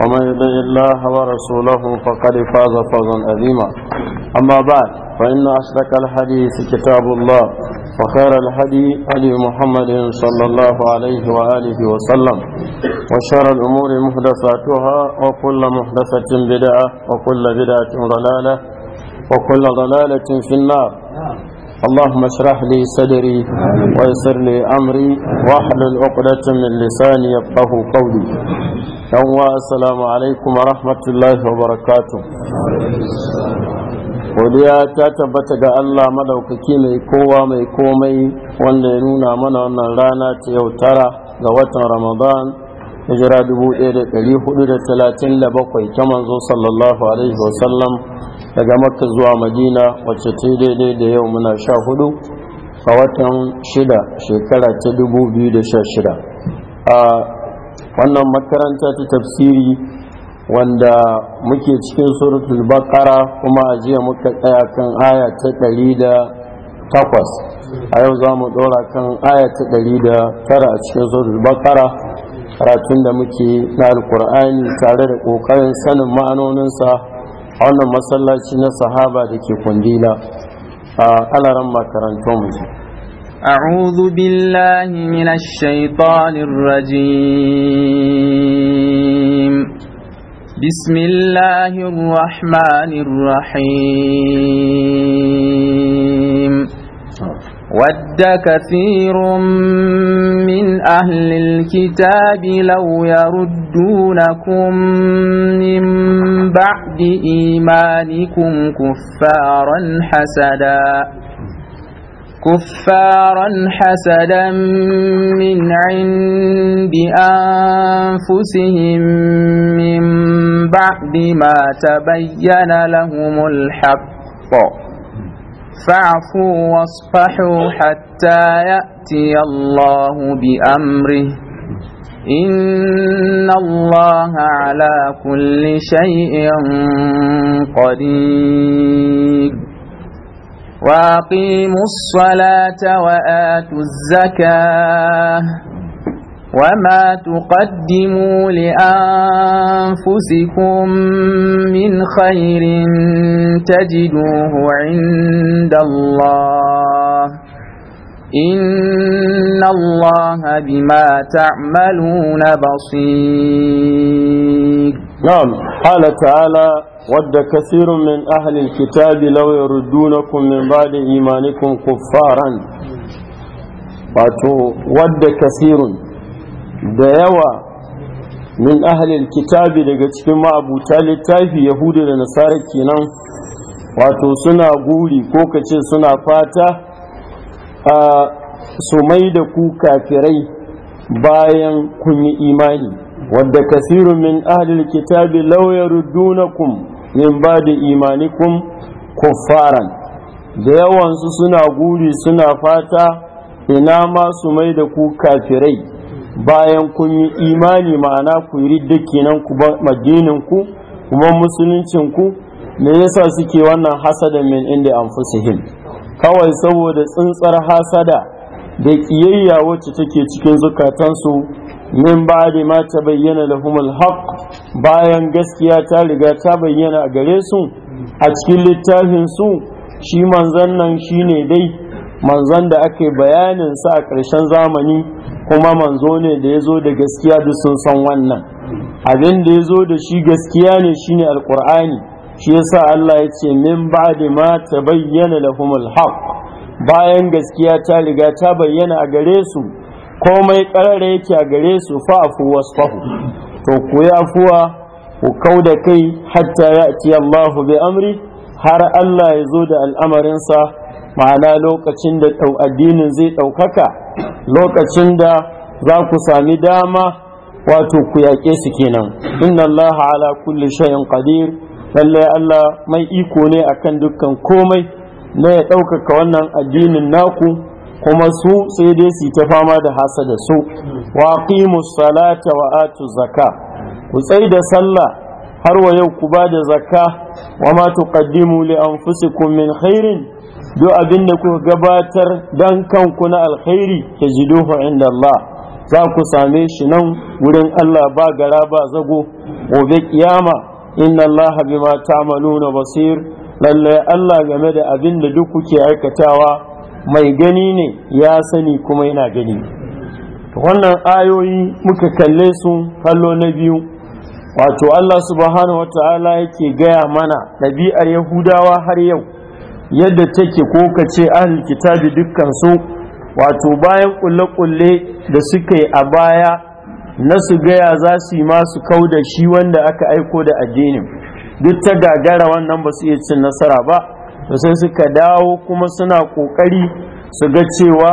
ومن يطع الله ورسوله فقد فاز فوزا عظيما اما بعد فان اصدق الحديث كتاب الله وخير الهدي هدي محمد صلى الله عليه واله وسلم وشر الامور محدثاتها وكل محدثه بدعه وكل بدعه ضلاله وكل ضلاله في النار اللهم اشرح لي صدري ويسر لي امري واحلل عقدة من لساني يفقه قولي السلام عليكم ورحمة الله وبركاته godiya ta tabbata ga Allah madaukaki mai kowa mai komai wanda ya nuna mana wannan rana ta yau tara ga watan Ramadan hijira 1437 ta manzo sallallahu alaihi wasallam daga makka zuwa madina wacce ta daidai da yau muna sha hudu a watan shida shekara ta dubu biyu da sha shida a wannan makaranta ta tafsiri wanda muke cikin suratul bakara kuma a jiya muka tsaya kan aya ta ɗari da takwas a yau za mu ɗora kan aya ta ɗari da tara a cikin suratul bakara karatun da muke na alkur'ani tare da ƙoƙarin sanin ma'anoninsa a wannan masallaci na sahaba da ke kwandila a kalaran makarantar mu أعوذ بالله من الشيطان الرجيم بسم الله الرحمن الرحيم ود كثير من أهل الكتاب لو يردونكم من بعد إيمانكم كفارا حسدا كفارا حسدا من عند أنفسهم من بعد ما تبين لهم الحق فاعفوا واصفحوا حتى يأتي الله بأمره إن الله على كل شيء قدير وأقيموا الصلاة وآتوا الزكاة وما تقدموا لأنفسكم من خير تجدوه عند الله إن الله بما تعملون بصير نعم قال تعالى ود كثير من أهل الكتاب لو يردونكم من بعد إيمانكم كفارا وَدَّ كَثِيرٌ da yawa min ahalil kitabi daga cikin ma'abuta littafi yahudu da nasara kenan wato suna guri ko kace suna fata a su mai da ku kafirai bayan kun yi imani wadda kasirun min ahalil kitabi lauyar dunakum min ba da imanikum kuffaran da yawansu suna guri suna fata ina ma su mai da ku kafirai bayan kun yi imani ma'ana ku yi ridda kenan ku ba madinin ku kuma musuluncin ku me yasa suke wannan hasada min inda anfusihim kawai saboda tsuntsar hasada da kiyayya wacce take cikin zukatansu min ba da ma ta bayyana lahumul haqq bayan gaskiya ta riga ta bayyana a gare su a cikin littafin su shi manzan nan shine dai manzon da ake bayanin sa a ƙarshen zamani kuma manzo ne da ya zo da gaskiya duk sun san wannan abin da ya zo da shi gaskiya ne shine Alƙur'ani, shi yasa Allah ya ce min ba'di ma tabayyana lahumul haqq bayan gaskiya ta riga ta bayyana a gare su komai karara yake a gare su fa'fu wasfahu to ku yi afuwa ku kau da kai hatta ya'ti Allahu bi amri har Allah ya zo da al'amarinsa ma'ana lokacin da addinin zai ɗaukaka lokacin da za ku sami dama wato ku yaƙe su kenan inna allaha ala kulli shay'in qadir lallai allah mai iko ne akan dukkan komai na ya ɗaukaka wannan addinin naku kuma su sai dai su ta fama da hasa da su wa salata wa atu zaka ku tsai da sallah har wa yau ku ba da zakka wa ma tuqaddimu li anfusikum min khairin duk abin da kuka gabatar dan kanku na alkhairi tajiduhu inda Allah za ku same shi nan wurin Allah ba gara ba zago gobe kiyama inna Allah bima ta'maluna basir lalle Allah game da abin da duk kuke aikatawa mai gani ne ya sani kuma yana gani wannan ayoyi muka kalle su kallo na biyu wato Allah subhanahu wata'ala yake gaya mana ɗabi'ar Yahudawa har yau yadda take ko ka ce ahlul kitabi dukkan su wato bayan kulle-kulle da suka yi a baya na su gaya za su yi masu kau da shi wanda aka aiko da addinin duk ta gagara wannan ba su iya cin nasara ba to sai suka dawo kuma suna kokari su ga cewa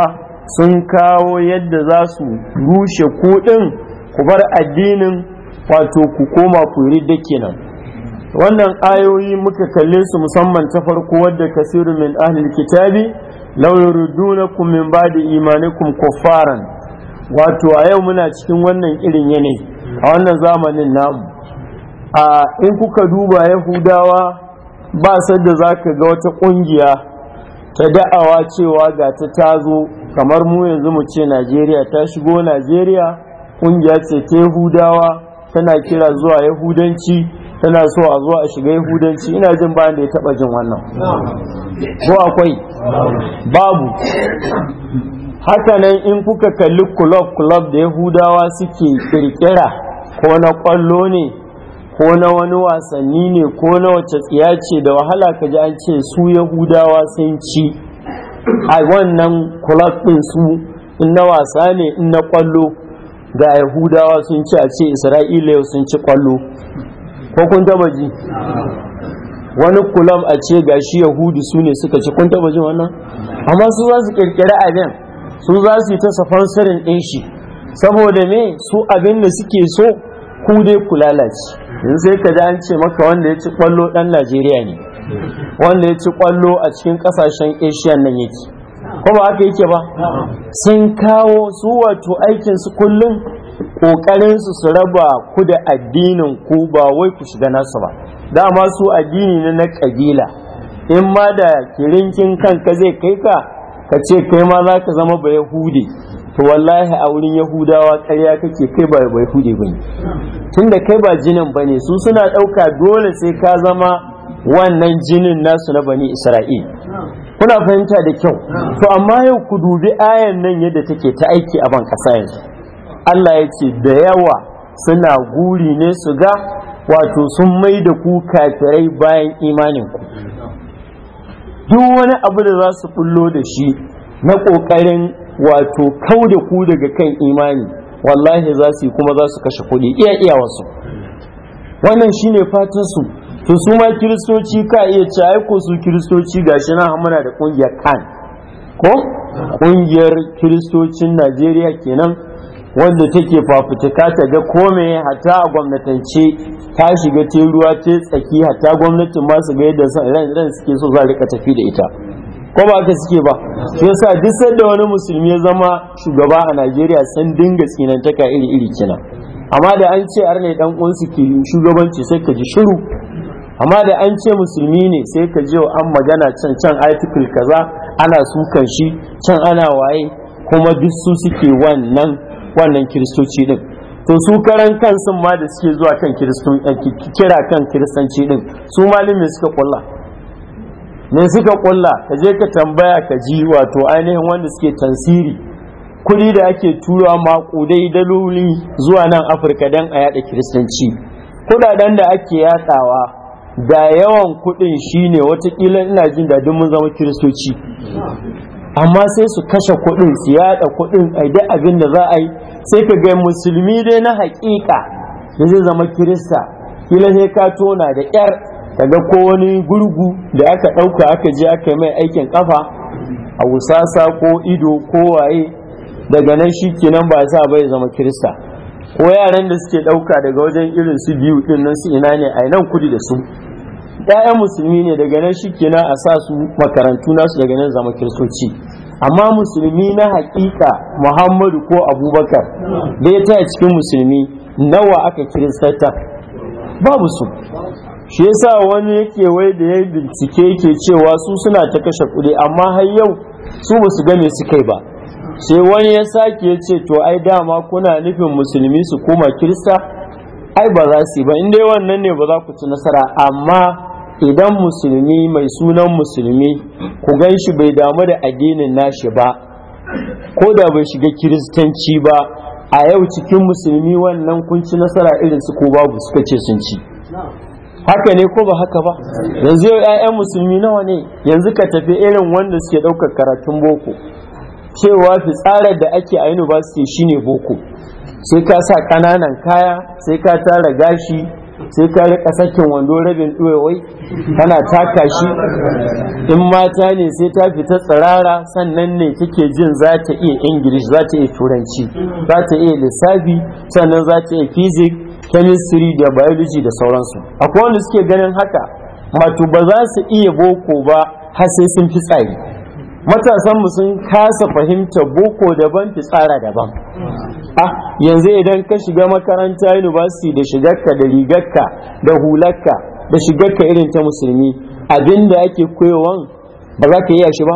sun kawo yadda za su rushe kuɗin ku bar addinin wato ku koma ku ridda kenan wannan ayoyi muka kalle su musamman ta farko wadda kasiru min ahlil kitabi law yuridunakum min ba'di imanikum kuffaran wato a yau muna cikin wannan irin yanayi a wannan zamanin namu a in kuka duba yahudawa ba sadda zaka ga wata kungiya ta da'awa cewa ga ta tazo kamar mu yanzu mu ce Najeriya ta shigo Najeriya kungiya ce ta yahudawa tana kira zuwa yahudanci tana so a zuwa a shiga yahudanci ina jin bayan da ya taba jin wannan ko akwai babu nan in kuka kalli kulob-kulob da yahudawa suke kirkira ko na kwallo ne ko na wani wasanni ne ko na wace tsiya ce da wahala ka ji an ce su yahudawa sun ci a wannan kulob din su in na wasa ne in na kwallo ga yahudawa sun ci a ce isra'ila sun ci kwallo ko kun taba ji wani kulam a ce ga shi yahudi su ne suka ci kun taba ji wannan amma su za su kirkiri abin su za su yi ta safansarin ɗin shi saboda me su abin da suke so ku dai ku lalace In sai ka ji an ce maka wanda ya ci kwallo ɗan najeriya ne wanda ya ci kwallo a cikin ƙasashen asia nan yake ko ba haka yake ba sun kawo su wato aikinsu kullum ƙoƙarin su su raba ku da addinin ku ba wai ku shiga nasu ba dama su addini ne na kabila in ma da kirinkin kanka zai kai ka ka ce kai ma za ka zama bai hude. to wallahi a wurin yahudawa karya kake kai ba ba yahudi bane tunda kai ba jinin bane su suna ɗauka dole sai ka zama wannan jinin nasu na bani isra'il kuna fahimta da kyau to amma yau ku dubi ayan nan yadda take ta aiki a ban kasa yanzu Allah ya ce da yawa suna guri ne su ga wato sun mai da ku kafirai bayan imaninku duk wani abu da za su bullo da shi na ƙoƙarin wato kau da ku daga kan imani wallahi za su yi kuma za su kashe kuɗi iya iya wasu wannan shine fatan su to su ma kiristoci ka iya ci ko su kiristoci gashi na hamuna da ƙungiyar kan ko ƙungiyar kiristocin najeriya kenan wanda take fafutuka ta ga kome hata a gwamnatance ta shiga ce ruwa ce tsaki hata gwamnatin ma su ga yadda ran suke so za rika tafi da ita ko ba haka suke ba shi yasa duk sanda wani musulmi ya zama shugaba a Najeriya san dinga tsinantaka iri iri kina amma da an ce arne dan uwan su ke shugabanci sai ka ji shiru amma da an ce musulmi ne sai ka ji an magana can can article kaza ana sukan shi can ana waye kuma duk su suke wannan wannan kiristoci din to su karan kansun ma da suke zuwa kan eh, kira kan kiristanci din su malami suka kulla ne suka kulla ka je ka tambaya ka ji wato ainihin wanda suke tansiri kudi da ake turawa makudai daloli zuwa nan afirka dan a yada kiristanci kudaden da ake yatsawa da yawan kudin shine watakila ina jin dadin mun zama kiristoci amma sai su kashe kuɗin su yaɗa kuɗin a abin da za a yi sai ka ga musulmi dai na haƙiƙa da zai zama kirista kila sai ka tona da ƴar, kaga ko wani gurgu da aka ɗauka aka je aka mai aikin ƙafa a wusasa ko ido ko waye daga nan shi kenan ba sa bai zama kirista ko yaran da suke ɗauka daga wajen irin su biyu ɗin nan su ina ne a nan kudi da su 'ya'yan musulmi ne daga nan shi kenan a sa su makarantu nasu daga nan zama kiristoci amma musulmi na hakika muhammadu ko abubakar da ya taya cikin musulmi nawa aka kiristata babu su shi yasa wani yake wai da ya bincike yake cewa su suna ta kashe kuɗi amma har yau su ba su game su kai ba sai wani ya sake ya ce to ai dama kuna nufin musulmi su koma kirista ai ba za su yi ba inda wannan ne ba za ku ci nasara amma idan musulmi mai sunan musulmi ku gan shi bai damu da addinin nashi ba ko da bai shiga kiristanci ba a yau cikin musulmi wannan kun ci nasara irin su ko babu suka ce sun ci haka ne ko ba haka ba yanzu yau 'ya'yan musulmi nawa ne yanzu ka tafi irin wanda suke ɗaukar karatun boko cewa fitsarar da ake a shi shine boko sai ka sa ƙananan kaya sai ka tara gashi sai ka rika sakin wando rabin ɗuwaiwai kana taka shi in mata ne sai ta fita tsirara sannan ne kike jin za ta iya ingilish za ta iya turanci za ta iya lissafi sannan za ta iya fizik, chemistry da biology da sauransu akwai wanda suke ganin haka wato ba za su iya boko ba har sai sun fi tsari matasanmu sun kasa fahimta boko daban fitsara daban A ah, yanzu idan ka shiga makaranta university da shigarka da rigarka da hularka da shigarka irin ta musulmi abinda ake koyowan ba za ka iya shi ba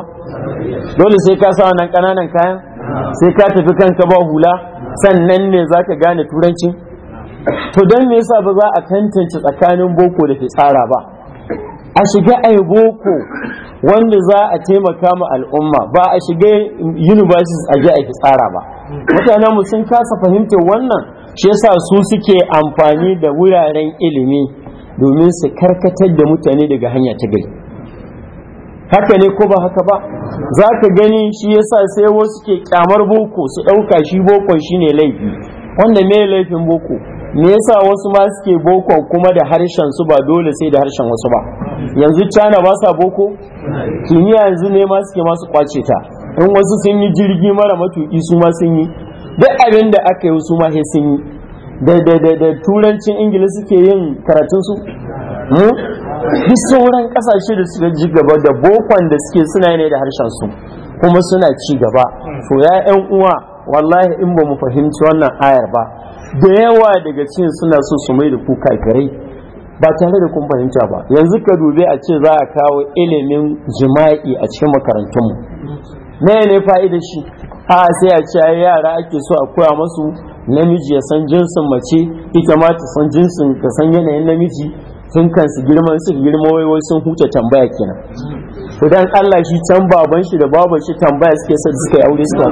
dole sai ka sa wannan ƙananan kayan sai ka tafi kanka ba hula sannan ne za ka gane turanci to don me yasa ba za a tantance tsakanin boko da fitsara ba a shiga aiboko boko wanda za a taimaka ma al'umma ba a shiga universities a ji a ki tsara ba mutanen mu sun kasa fahimtar wannan shi yasa su suke amfani da wuraren ilimi domin su karkatar da mutane daga hanya ta gari haka ne ko ba haka ba za ka gani shi yasa sai wasu ke kyamar boko su ɗauka shi bokon shine laifi wanda me laifin boko me yasa wasu ma suke bokon kuma da harshen su ba dole sai da harshen wasu ba yanzu cana ba sa boko kimiyya yanzu ne ma suke masu kwace ta in wasu sun yi jirgi mara matuki su ma sun yi duk abin da aka yi su ma he sun yi da turancin ingila suke yin karatun su duk sauran kasashe da suka ji gaba da bokon da suke suna ne da harshen su kuma suna ci gaba to ya yan uwa wallahi in ba mu fahimci wannan ayar ba da yawa daga cikin suna so su mai da kuka ba tare da kun fahimta ba yanzu ka dube a ce za a kawo ilimin jima'i a cikin makarantunmu me ne fa'idar shi a sai a ce yara ake so a koya masu namiji ya san jinsin mace ita ma ta san jinsin ka san yanayin namiji sun su girman su girma wai sun huce tambaya kenan idan Allah shi can baban shi da baban shi tambaya suke son suka yi aure suka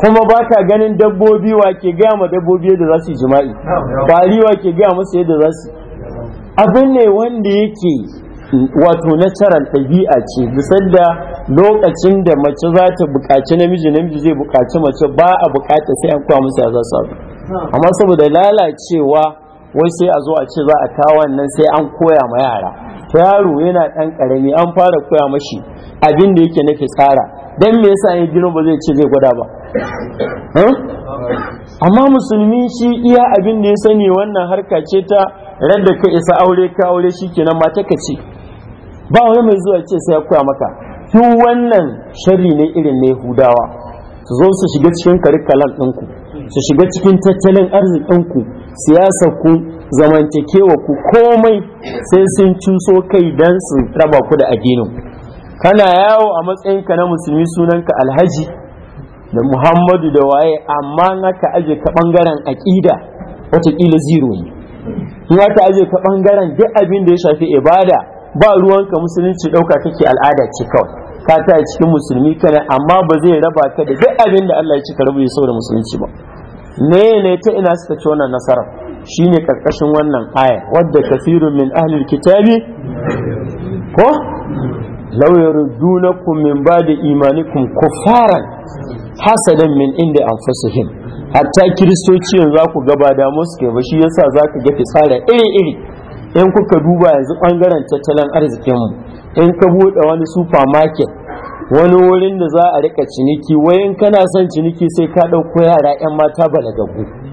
kuma ba ka ganin dabbobi wa ke gaya ma dabbobi yadda za su yi jima'i ba wa ke gaya musu yadda za su abin ne wanda yake wato natural ɗabi'a ce bisar da lokacin da mace za ta buƙaci namiji namiji zai buƙaci mace ba a buƙata sai an kwa musu ya za su amma saboda lalacewa wai sai a zo a ce za a kawo nan sai an koya ma yara yaro yana ɗan ƙarami an fara koya mashi abin da yake na fitsara don me yasa ya girma ba zai ce zai gwada ba amma musulmi shi iya abin da ya sani wannan harka ce ta radda ka isa aure ka aure shi kenan mata ka ce ba wani mai zuwa ce sai ya koya maka duk wannan sharri ne irin na hudawa su zo su shiga cikin karikalan ɗinku su shiga cikin tattalin arzikin ku siyasa ku zamantakewa ku komai sai sun cuso kai don su raba ku da addinin kana yawo a matsayinka na musulmi sunanka alhaji da muhammadu da waye amma naka aje ka bangaren aƙida watakila zero ne na ka aje ka bangaren duk abin da ya shafi ibada ba ruwanka musulunci ɗauka kake al'ada ce kawai ka ta cikin musulmi kana amma ba zai raba ka da duk abin da Allah ya cika rabu ya da musulunci ba ne ne ta ina suka ci wannan nasarar shine karkashin wannan aya wadda kasirun min ahlil kitabi ko law yardunakum min ba'di imanikum kufaran hasadan min inda anfusihim hatta kiristoci yanzu ku gaba da muske ba shi yasa zaka ga tsara iri iri in kuka duba yanzu bangaren tattalin arzikin mu in ka buɗe wani supermarket wani wurin da za a rika ciniki wayan kana son ciniki sai ka ɗauko yara yan mata balagagu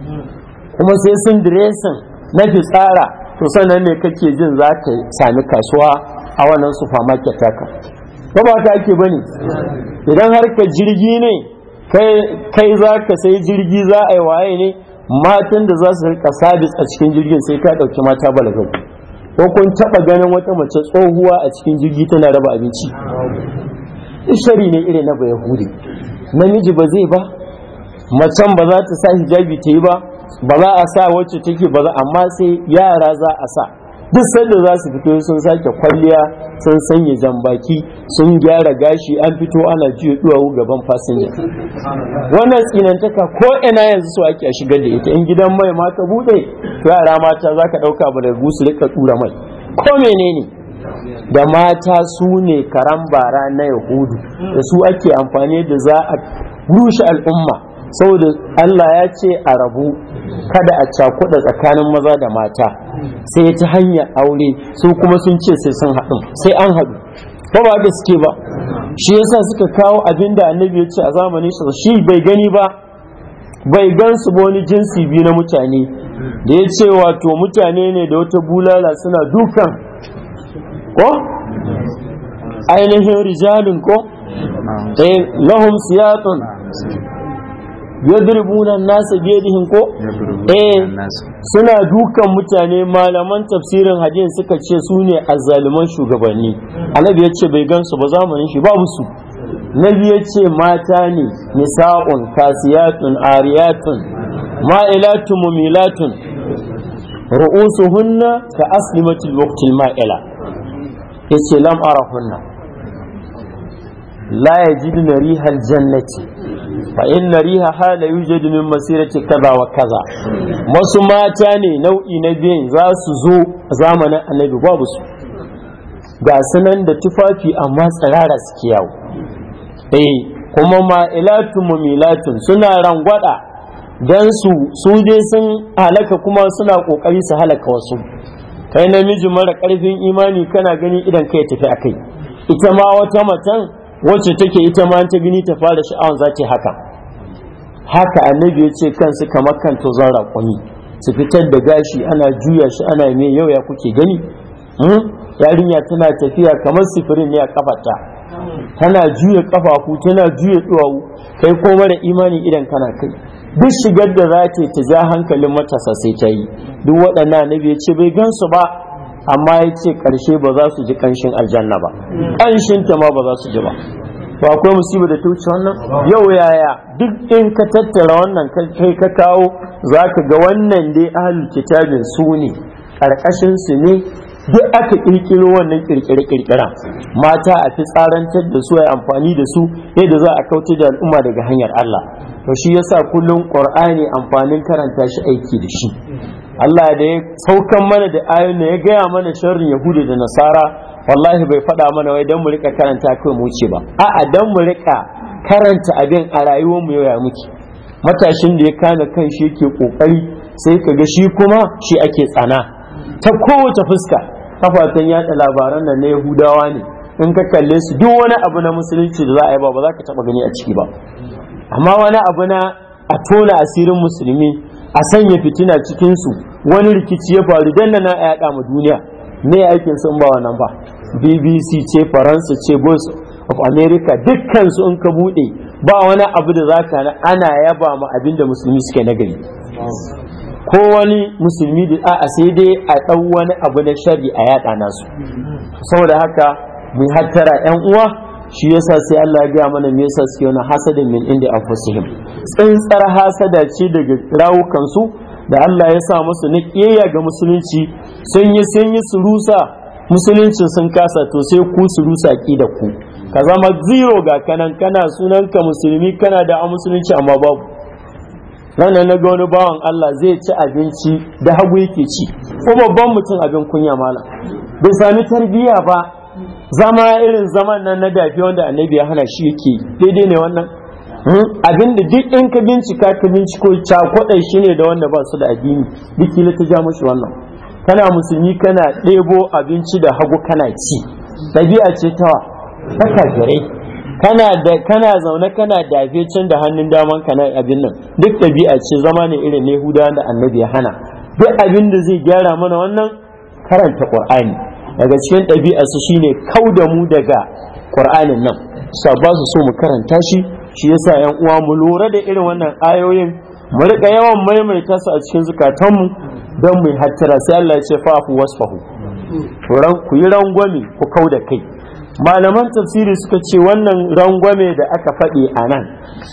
kuma sai sun diresin na fitsara to sannan ne kake jin za ka sami kasuwa a wannan supermarket taka ba ba ta ake bane idan har ka jirgi ne kai za ka sai jirgi za a yi waye ne matan da za su rika sabis a cikin jirgin sai ka ɗauki mata balagagu ko kun taɓa ganin wata mace tsohuwa a cikin jirgi tana raba abinci ishari ne irin na bayahudi namiji ba zai ba macen ba za ta sa hijabi ta yi ba ba za a sa wacce take ba za amma sai yara za a sa duk sanda za su fito sun sake kwalliya sun sanya jambaki sun gyara gashi an fito ana jiya duwawu gaban fasinja wannan tsinantaka ko ina yanzu so ake a shigar da ita in gidan mai ma ka bude yara mata za ka ɗauka ba da gusu rika tura mai ko menene da mata su ne karambara na yahudu da su ake amfani da za a rushe al'umma saboda Allah ya ce a rabu kada a cakuɗa tsakanin maza da mata sai ya ci hanyar aure su kuma sun ce sai sun haɗu sai an haɗu ba ba da suke ba shi yasa suka kawo abin da annabi ya ce a zamanin shi shi bai gani ba bai gansu ba wani jinsi biyu na mutane da ya ce wato mutane ne da wata bulala suna dukan ko ainihin rijalin ko eh lahum siyatun yadribuna nasa biyadihim ko eh suna dukan mutane malaman tafsirin hadin suka ce su ne azzaluman shugabanni alabi yace bai gansu ba zamanin shi babu su nabi yace mata ne nisa'un kasiyatun ariyatun ma'ilatun mumilatun ru'usuhunna ka aslimati waqtil ma'ila yace lam arahunna la yajidu rihal jannati fa inna riha hala yujadu min masirati kaza wa kaza wasu mata ne nau'i na biyan za su zo zamanin annabi babu su ga sanan da tufafi amma tsirara suke yawo eh kuma ma'ilatun mumilatun suna rangwada don su su dai sun halaka kuma suna kokari su halaka wasu kai namiji mara karfin imani kana gani idan kai tafi akai ita ma wata matan wacce take ita ma ta gini ta fara sha'awan za ta haka haka annabi ya ce kansu kamar kan tozon raƙoni su fitar da gashi ana juya shi ana me yau ya kuke gani hmm? yarinya tana tafiya kamar sifirin ne a kafarta tana juya kafafu tana juya duwawu kai ko mara imani idan kana kai duk shigar da za ta ta ja hankalin matasa sai ta yi duk waɗannan annabi ya ce bai gansu ba amma ya ce ƙarshe ba za su ji ƙanshin aljanna ba ƙanshin ta ma ba za su ji ba ba akwai musibu da tuci wannan yau yaya duk in ka tattara wannan kai ka kawo za ka ga wannan dai ahalul kitabin su ne ƙarƙashin su ne duk aka ƙirƙiro wannan ƙirƙire ƙirƙira mata a fi tsarantar da su a amfani da su yadda za a kauce da al'umma daga hanyar Allah to shi yasa kullum Qur'ani amfanin karanta shi aiki da shi Allah da ya saukan mana da ayoyin da ya gaya mana sharrin Yahudu da Nasara wallahi bai faɗa mana wai dan mu rika karanta kai mu wuce ba a'a dan mu rika karanta abin a rayuwar mu yau ya muke matashin da ya kana kan shi yake kokari sai ka ga shi kuma shi ake tsana ta kowace fuska kafafen yada labaran nan na Yahudawa ne in ka kalle su duk wani abu na musulunci da za a yi ba ba za ka taba gani a ciki ba amma wani abu na a tona asirin musulmi a sanya fitina cikin su wani rikici ya faru dan nan ya yaɗa ma duniya me aikin sun ba wannan ba BBC ce Faransa ce bus of America dukkan su in ka buɗe, ba wani abu da zaka na ana yaba ma abin da musulmi suke nagari ko wani musulmi da a'a sai dai a ɗau wani abu na shari a yaɗa nasu saboda haka mu hattara yan uwa shi yasa sai Allah ya gaya mana me yasa suke wani hasadin min inda anfusihim tsintsar hasada ce daga rawukansu da Allah ya sa musu na ƙeya ga musulunci sun yi sun yi su rusa musuluncin sun kasa to sai ku su rusa ki da ku ka zama zero ga kanan kana sunan ka musulmi kana da a musulunci amma babu ranar na ga wani bawan Allah zai ci abinci da hagu yake ci ko babban mutum abin kunya malam bai sami tarbiyya ba zama irin zaman nan na dafi wanda annabi ya hana shi yake daidai ne wannan Hmm? abinda duk in ka bincika ka binciko cakwaɗai shi ne da wanda ba su da addini duk ta ja mushi wannan kana musulmi kana ɗebo abinci da hagu kana ci ɗabi'a ce ta ta kafirai kana kana zaune kana dafe can da hannun daman kana abin nan duk ɗabi'a ce zama ne irin ne huda da annabi ya hana duk abin da zai gyara mana wannan karanta qur'ani daga cikin ɗabi'a su shine kau da mu daga qur'anin nan sa ba su so mu karanta shi shi yasa yan uwa mu lura da irin wannan ayoyin mu rika yawan maimaita su a cikin zukatanmu don mu hattara sai Allah ya ce wasu wasfahu ku yi rangwame ku kau da kai malaman tafsiri suka ce wannan rangwame da aka faɗi a nan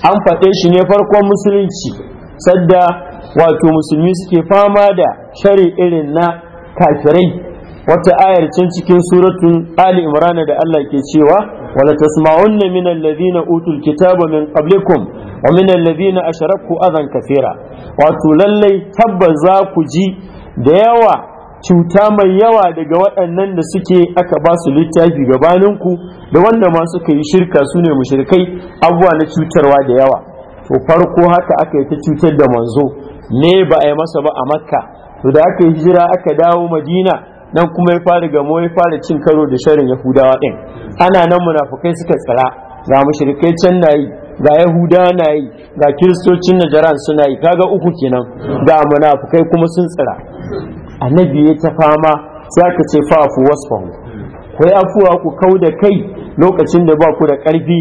an faɗe shi ne farkon musulunci sadda wato musulmi suke fama da shari irin na kafirai wata ayar can cikin suratun ali imrana da Allah ke cewa wala tasma'unna min alladhina utul kitaba min qablikum wa min alladhina asharaku adhan kathira wato lallai tabbas za ku ji da yawa cuta mai yawa daga waɗannan da suke aka ba su littafi gabaninku da wanda ma suka yi shirka su ne mushrikai abuwa na cutarwa da yawa to farko haka aka yi ta cutar da manzo ne ba a yi masa ba a makka to da aka yi hijira aka dawo madina nan kuma ya fara gamo ya fara cin karo da sharin yahudawa din ana nan munafukai suka tsira ga mushrikai can na yi ga yahudawa na ga kiristocin najaran suna yi kaga uku kenan ga munafukai kuma sun tsira annabi ya ta fama sai aka ce fa fa'afu wasfahu ku yi afuwa ku kau da kai lokacin da ba ku da karfi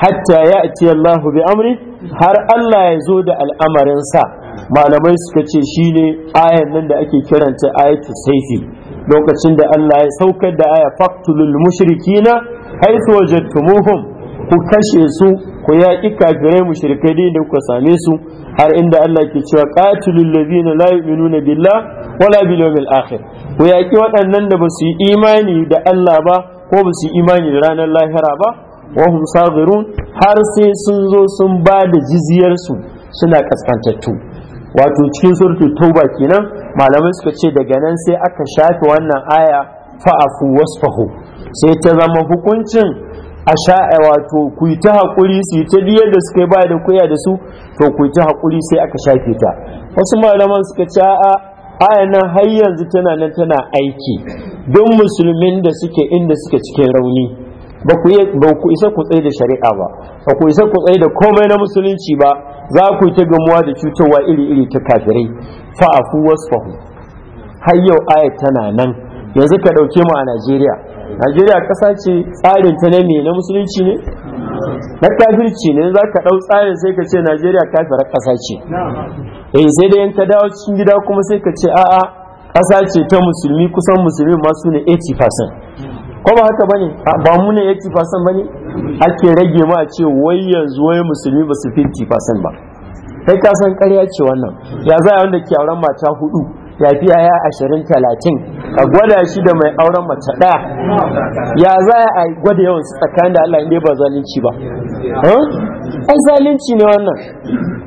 hatta ya ce Allah bi amri har Allah ya zo da al'amarin sa malamai suka ce shine ayan nan da ake kiranta ayatu saifi lokacin da Allah ya saukar da aya faktulul mushrikina haythu wajattumuhum ku kashe su ku yaƙi kafirai mushrikai din da kuka same su har inda Allah ke cewa qatilul ladina la yu'minuna billah wala bil yawmil akhir ku yaƙi waɗannan da basu yi imani da Allah ba ko basu yi imani da ranar lahira ba wa hum har sai sun zo sun ba da jiziyar su suna kaskantattu wato cikin surtu tauba kenan malamai suka ce daga nan sai aka shafe wannan aya fa'afu wasfahu sai ta zama hukuncin a sha'a wato ku yi ta haƙuri su yi ta biyar da suka yi ba da kuya da su to ku yi ta haƙuri sai aka shafe ta wasu malaman suka ce a aya nan har yanzu tana nan tana aiki don musulmin da suke inda suke cikin rauni ba ku isa ku da shari'a ba ba ku isa ku da komai na musulunci ba za ku ta gamuwa da cutarwa iri-iri ta kafirai fa'afu wasfahu har yau ayat tana nan yanzu ka ɗauke mu a Najeriya Najeriya ƙasa ce tsarin ta ne na musulunci ne na kafirci ne za ka ɗau tsarin sai ka ce Najeriya kafirar ƙasa ce eh sai da yanka dawo cikin gida kuma sai ka ce a'a ƙasa ce ta musulmi kusan musulmi masu ne 80% ko ba haka bane ba mu ne 80% bane ake rage ma a ce wai yanzu wai musulmi ba su 50% ba kai ka san ƙarya ce wannan ya za a wanda ke auren mata hudu ya fi yaya ashirin talatin a gwada shi da mai auren mace ɗaya ya za a gwada yawan su tsakanin da Allah inda ba zalunci ba ai zalunci ne wannan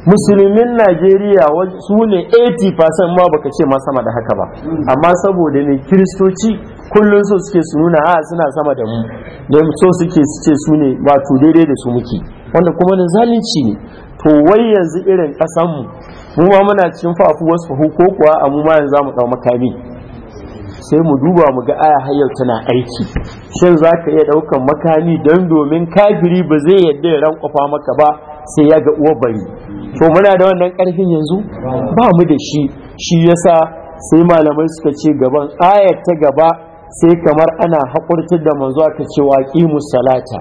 musulmin Najeriya su ne 80% ma baka ce ma sama da haka ba amma saboda ne kiristoci kullum so suke su nuna a ah, suna sama da mu da so suke su ce su ne wato daidai da su muke wanda kuma na zalunci ne to wai yanzu irin kasan mu ma muna cikin fafu wasu ko kuwa a mu ma yanzu mu ɗau makami sai mu duba mu ga aya hayyau tana aiki shin za ka iya ɗaukan makami don domin kafiri ba zai yadda ya rankwafa maka ba sai ya ga uwa bari to muna da wannan karfin yanzu ba mu da shi shi yasa sai malamai suka ce gaban ayar ta gaba sai kamar ana haƙurtar da manzo aka ce wa salata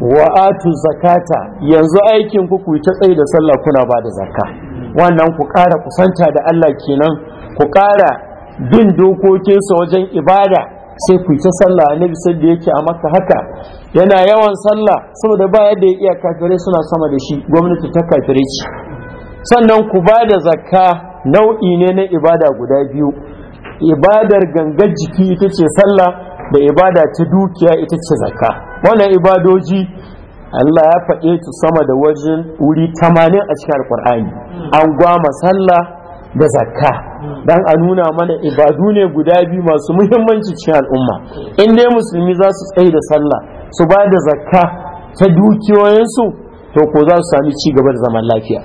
wa atu zakata yanzu aikin ku ku ta tsaye da sallah kuna ba da zakka wannan ku ƙara kusanta da Allah kenan ku ƙara bin dokokinsa wajen ibada sai ku ta sallah annabi da yake a maka haka yana yawan sallah saboda ba yadda ya iya kafirai suna sama da shi gwamnati ta kafirai ce sannan ku ba da zakka nau'i ne na ibada guda biyu ibadar ganga jiki ita ce sallah da ibada ta dukiya ita ce zakka wannan ibadoji Allah ya faɗe su sama da wajen wuri tamanin a cikin alkur'ani an gwama sallah da zakka dan a nuna mana ibadu ne guda biyu masu muhimmanci cikin al'umma in dai musulmi za su tsaye da sallah su ba da zakka ta dukiyoyinsu to ko za su sami ci gaba da zaman lafiya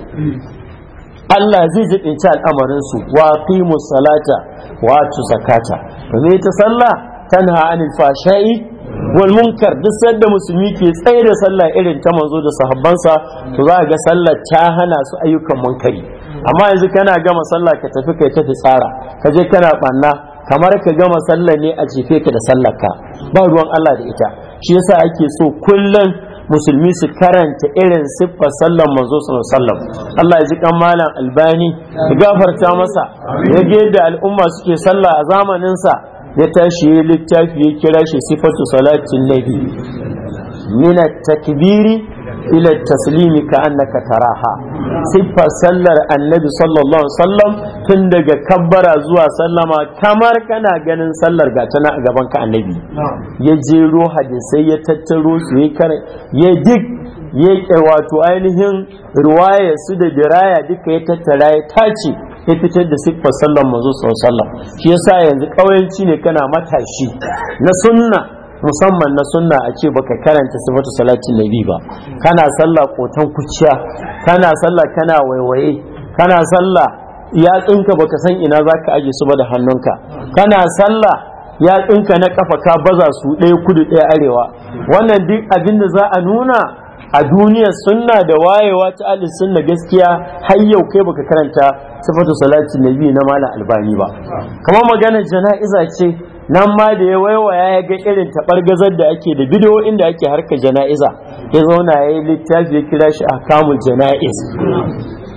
Allah zai ci al'amarinsu wa qimu salata wa tu zakata domin ita sallah tanha anil fashai wal munkar duk sanda musulmi ke tsaye da sallah irin ta manzo da sahabbansa to za a ga sallah ta hana su ayyukan munkari amma yanzu kana gama sallah ka tafi kai ta tsara ka je kana ɓanna, kamar ka gama sallah ne a jefe ka da sallar ka ba ruwan Allah da ita shi yasa ake so kullum musulmi su karanta irin siffa sallan manzo sallam Allah ya ji kan albani ya gafarta masa ya ga yadda al'umma suke sallah a zamanin sa ya tashi littafi ya kira shi sifatu salatin nabi min takbiri ila taslimi ka annaka taraha siffar sallar annabi sallallahu alaihi wasallam tun daga kabbara zuwa sallama kamar kana ganin sallar ga tana a gaban ka annabi ya jero hadisai ya tattaro su ya duk ya dik ya wato ainihin ruwaya su da diraya duka ya tattara ya tace ya fitar da siffar sallar manzo sallallahu alaihi wasallam shi yasa yanzu kauyanci ne kana matashi na sunna musamman na sunna a ce baka karanta sifatu salatin nabi ba kana sallah kotan kuciya kana sallah kana waiwaye kana sallah tsinka baka san ina zaka aje su ba da hannunka kana sallah tsinka na kafa ka baza su ɗaya kudu ɗaya arewa wannan duk abin da za a nuna a duniyar sunna da wayewa ta alis sunna gaskiya har yau kai baka karanta sifatu salatin nabi na malam albani ba kamar magana jana'iza ce nan ma da ya waiwaya ya ga irin taɓargazar da ake da bidiyo inda ake harka jana'iza ya zauna ya yi littafi ya kira shi a kamun jana'iz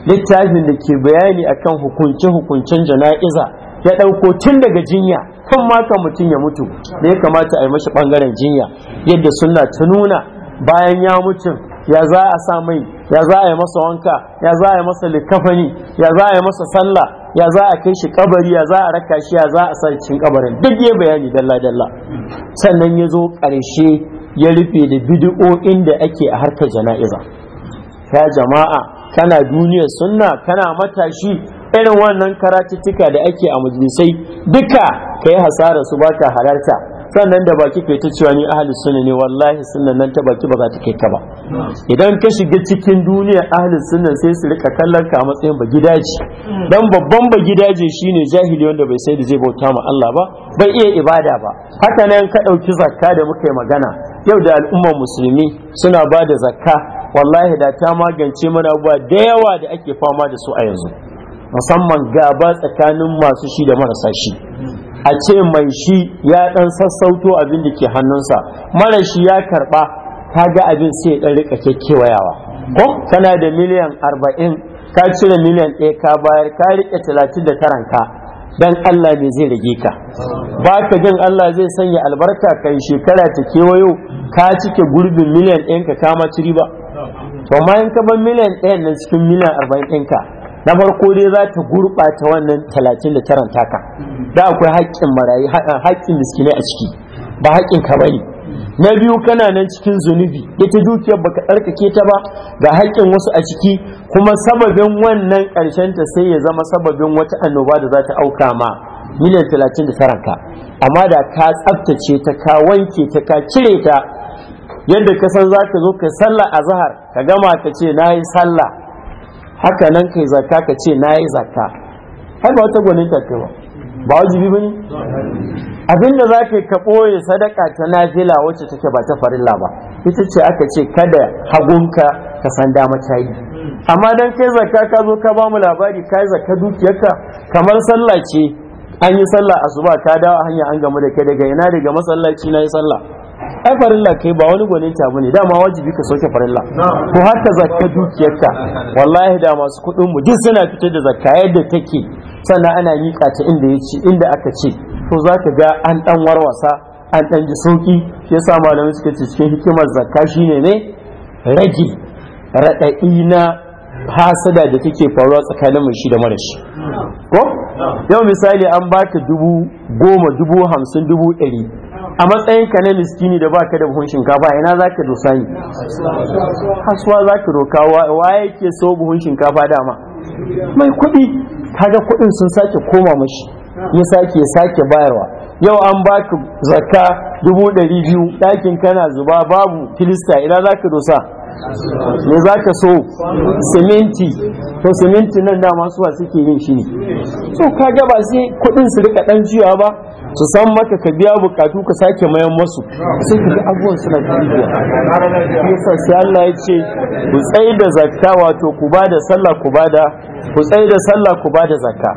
littafin da ke bayani akan hukunce-hukuncen jana'iza ya ɗauko tun daga jinya kan mata mutum ya mutu da ya kamata a yi mashi ɓangaren jinya yadda suna ta nuna bayan ya mutum ya za a sa mai ya za a yi masa wanka ya za a yi masa likafani ya za a yi masa sallah ya za a kai shi kabari ya za a raka shi ya za a sa cikin kabarin duk ya bayani dalla dalla sannan ya zo ƙarshe ya rufe da bid'o'in da ake a harkar jana'iza ya jama'a kana duniyar sunna kana matashi irin wannan karatuttuka da ake a majalisai duka ka yi hasara su baka halarta sannan da baki kai ta cewa ni ahli sunna ne wallahi sunnan nan ta baki ba za ta kai ka ba idan ka shiga cikin duniya ahli sunna sai su rika kallon ka a matsayin ba gidaje dan babban ba gidaje shine jahili wanda bai sai da zai bauta ma Allah ba bai iya ibada ba haka nan ka dauki zakka da muka yi magana yau da al'ummar musulmi suna ba da zakka wallahi da ta magance mana abubuwa da yawa da ake fama da su a yanzu musamman gaba tsakanin masu shi da marasa shi a ce mai shi ya dan sassauto abin da ke hannunsa mara shi ya karba ga abin sai dan rika wayawa. ko kana da miliyan arba'in ka cire miliyan ɗaya ka bayar ka rike talatin da karanka dan Allah ne zai rage ka ba ka jin Allah zai sanya albarka kai shekara ta kewayo ka cike gurbin miliyan ɗayanka ka kama ciri ba to ma in ka bar miliyan ɗayan nan cikin miliyan arba'in ɗinka na farko dai za ta gurɓata wannan talatin da taran taka da akwai haƙƙin marayu haƙƙin miskinai a ciki ba haƙƙin ka bane na biyu kana nan cikin zunubi ita dukiyar baka tsarkake ta ba ga haƙƙin wasu a ciki kuma sababin wannan ƙarshen ta sai ya zama sababin wata annoba da za ta auka ma miliyan talatin da taran ka amma da ka tsaftace ta ka wanke ta ka cire ta yadda ka san za ka zo ka sallah a zahar ka gama ka ce na yi sallah haka nan kai zakka ka ce na yi zakka har ba wata gwanin kai ba ba wajibi ba ne abinda za ka yi ka ɓoye sadaka ta nafila wacce take ba ta farilla ba ita ce aka ce kada hagunka ka san dama ta yi amma dan kai zakka ka zo ka ba mu labari ka yi zakka dukiyarka kamar sallah ce an yi sallah asuba ka dawo a hanya an gamu da kai daga ina daga masallaci na yi sallah ai farilla kai ba wani ta bane dama wajibi ka sauke farilla ko har ta zakka dukiyarka wallahi da masu kuɗin mu duk suna fitar da zakka yadda take sannan ana yika ta inda ya inda aka ce to zaka ga an ɗan warwasa an ɗan ji sauki shi yasa malamai suka ce cikin hikimar zakka shine ne rage raɗaɗi na hasada da take faruwa tsakanin mai shi da mara shi ko yau misali an baka dubu goma dubu hamsin dubu ɗari a matsayin ka na miskini da baka da buhun shinkafa ina zaka dosa ni kasuwa zaka roka waye yake so buhun shinkafa dama mai kuɗi kaga kuɗin sun sake koma mashi ya sake ya sake bayarwa yau an baka zakka dubu ɗari biyu ɗakin kana zuba babu filista ina zaka dosa me za ka so siminti to siminti nan dama suwa suke yin shi ne so ka gaba ba sai kudin su rika ɗan jiya ba su san maka ka biya bukatu ka sake mayan masu sai ka ga abubuwan suna tafiya yasa sai Allah ya ce ku tsaye da zakka wato ku ba da sallah ku ba da ku tsai da sallah ku ba da zakka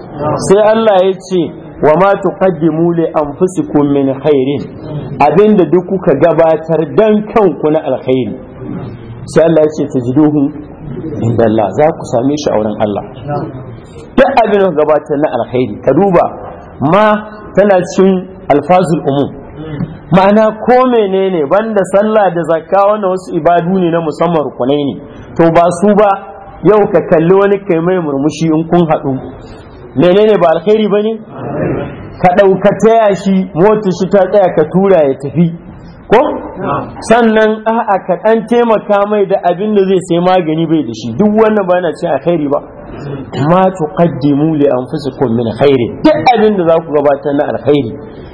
sai Allah ya ce wa ma tuqaddimu li anfusikum min khairin abinda duk kuka gabatar dan kanku na alkhairi sai Allah ya ce tajiduhu inda Allah za ku same shi a wurin Allah duk abin da gabatar na alkhairi ka duba ma tana cin alfazul umum ma'ana ko menene banda sallah da zakka wannan wasu ibadu ne na musamman rukunai ne to ba su ba yau ka kalli wani kai mai murmushi in kun haɗu menene ba alkhairi bane ka ɗauka taya shi motar shi ta tsaya ka tura ya tafi ko sannan a ka taimaka mai da abin da zai sai magani bai da shi duk wannan ba na ce a khairi ba ma tuqaddimu li anfusikum min khairi duk abin da za ku gabatar na alkhairi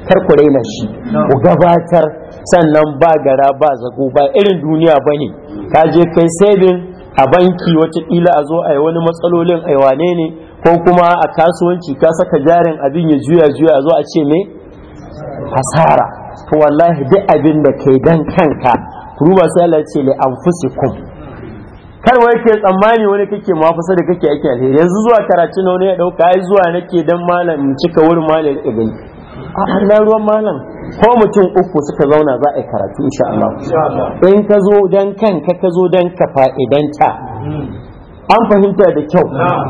kar ku raina shi ku gabatar sannan ba gara ba zago ba irin duniya bane ka je kai saving a banki wata ƙila a zo a yi wani matsalolin a ne ko kuma a kasuwanci ka saka jarin abin ya juya juya a zo a ce mai hasara to wallahi duk abin da kai dan kanka ruba sai Allah ce li anfusikum kar wai ke tsammani wani kake ma da kake yake alheri yanzu zuwa karatu na wani ya dauka ai zuwa nake dan malam cika wurin malam ya gani a na ruwan malam ko mutum uku suka zauna za a yi karatu insha Allah in ka zo dan kanka ka zo dan ka fa'idanta hmm. an fahimta da kyau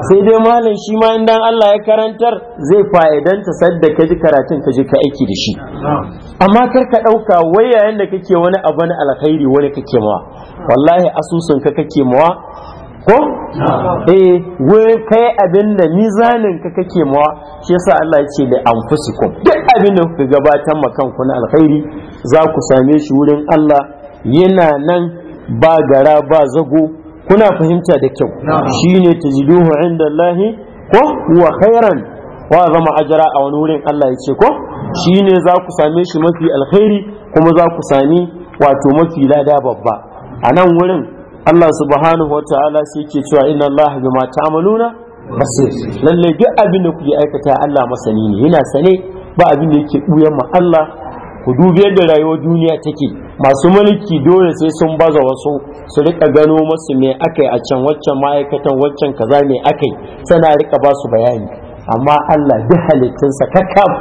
sai dai malam shi ma in dan Allah ya karantar zai fa'idanta sadda ka ji karatun ka ji ka aiki da shi amma kar ka ɗauka wai yayin da kake wani abu na alkhairi wani kake mawa wallahi asusun ka kake mawa ko eh wai kai abinda mizanin ka kake mawa shi yasa Allah ya ce da anfusikum duk abinda da kuka gabatar ma kanku na alkhairi za ku same shi wurin Allah yana nan ba gara ba zago kuna fahimta da kyau shine tajiduhu inda Allah ko huwa khairan wa zama ajra a wani wurin Allah ya ce ko shine za ku same shi mafi alkhairi kuma za ku sami wato mafi lada babba a nan wurin Allah subhanahu wata ala sai ke cewa inna Allah bima ta'maluna basir lalle duk abin da kuke aikata Allah masani ne yana sane ba abin da yake buyan ma Allah ku dubi yadda rayuwar duniya take masu mulki dole sai sun baza wasu su rika gano masu me akai a can waccan ma'aikatan waccan kaza me akai tana rika ba su bayani amma Allah sa halittunsa kakam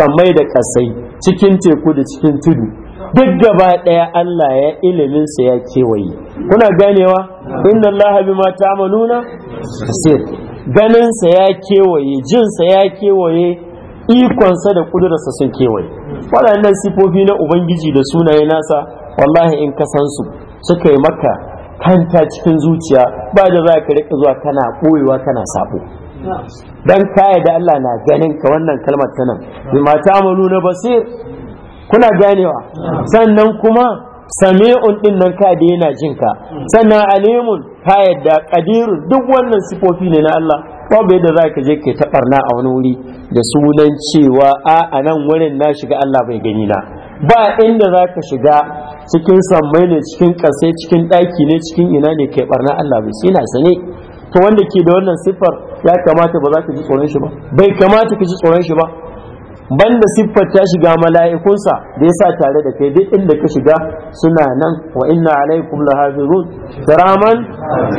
sammai da kasai cikin teku da cikin tudu duk gaba daya Allah ya iliminsa ya kewaye kuna ganewa inna Allah bima ta'maluna basir ganinsa ya kewaye jinsa ya kewaye ikonsa da kudurarsa sun kewaye waɗannan sifofi na ubangiji da sunaye nasa wallahi in ka san su suka yi maka kanta cikin zuciya ba da za ka rika zuwa kana ɓoyewa kana sabo dan kaya da Allah na ganin ka wannan kalmar ta nan bi mata amalu na basir kuna ganewa sannan kuma sami'un din nan ka da yana jinka sannan alimun kaya da ƙadirun duk wannan sifofi ne na Allah babu da za ka je ke ta barna a wani wuri da sunan cewa a nan wurin na shiga Allah bai gani na ba inda za ka shiga cikin sammai ne cikin ƙasai cikin ɗaki ne cikin ina ne ke ɓarna Allah bai sai sane to wanda ke da wannan siffar ya kamata ba za ka ji tsoron shi ba bai kamata ka ji tsoron shi ba banda siffar ta shiga mala'ikunsa da yasa tare da kai duk inda ka shiga suna nan wa inna alaikum lahafizun kiraman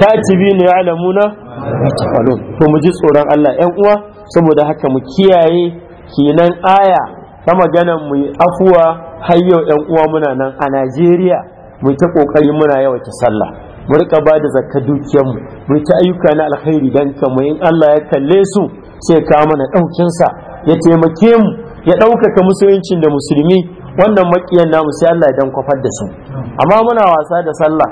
katibi ne alamuna? to mu ji tsoron Allah ƴan uwa saboda haka mu kiyaye kenan aya ta maganan mu afuwa har yau ƴan uwa muna nan a Najeriya mu ta kokari muna yawaita sallah mu rika ba da zakka dukiyarmu mu ta ayyuka na alkhairi dan mu in Allah ya kalle su sai ka mana daukin ya taimake mu ya ɗaukaka musulunci da musulmi wannan makiyan namu sai Allah ya dan kwafar da su amma muna wasa da sallah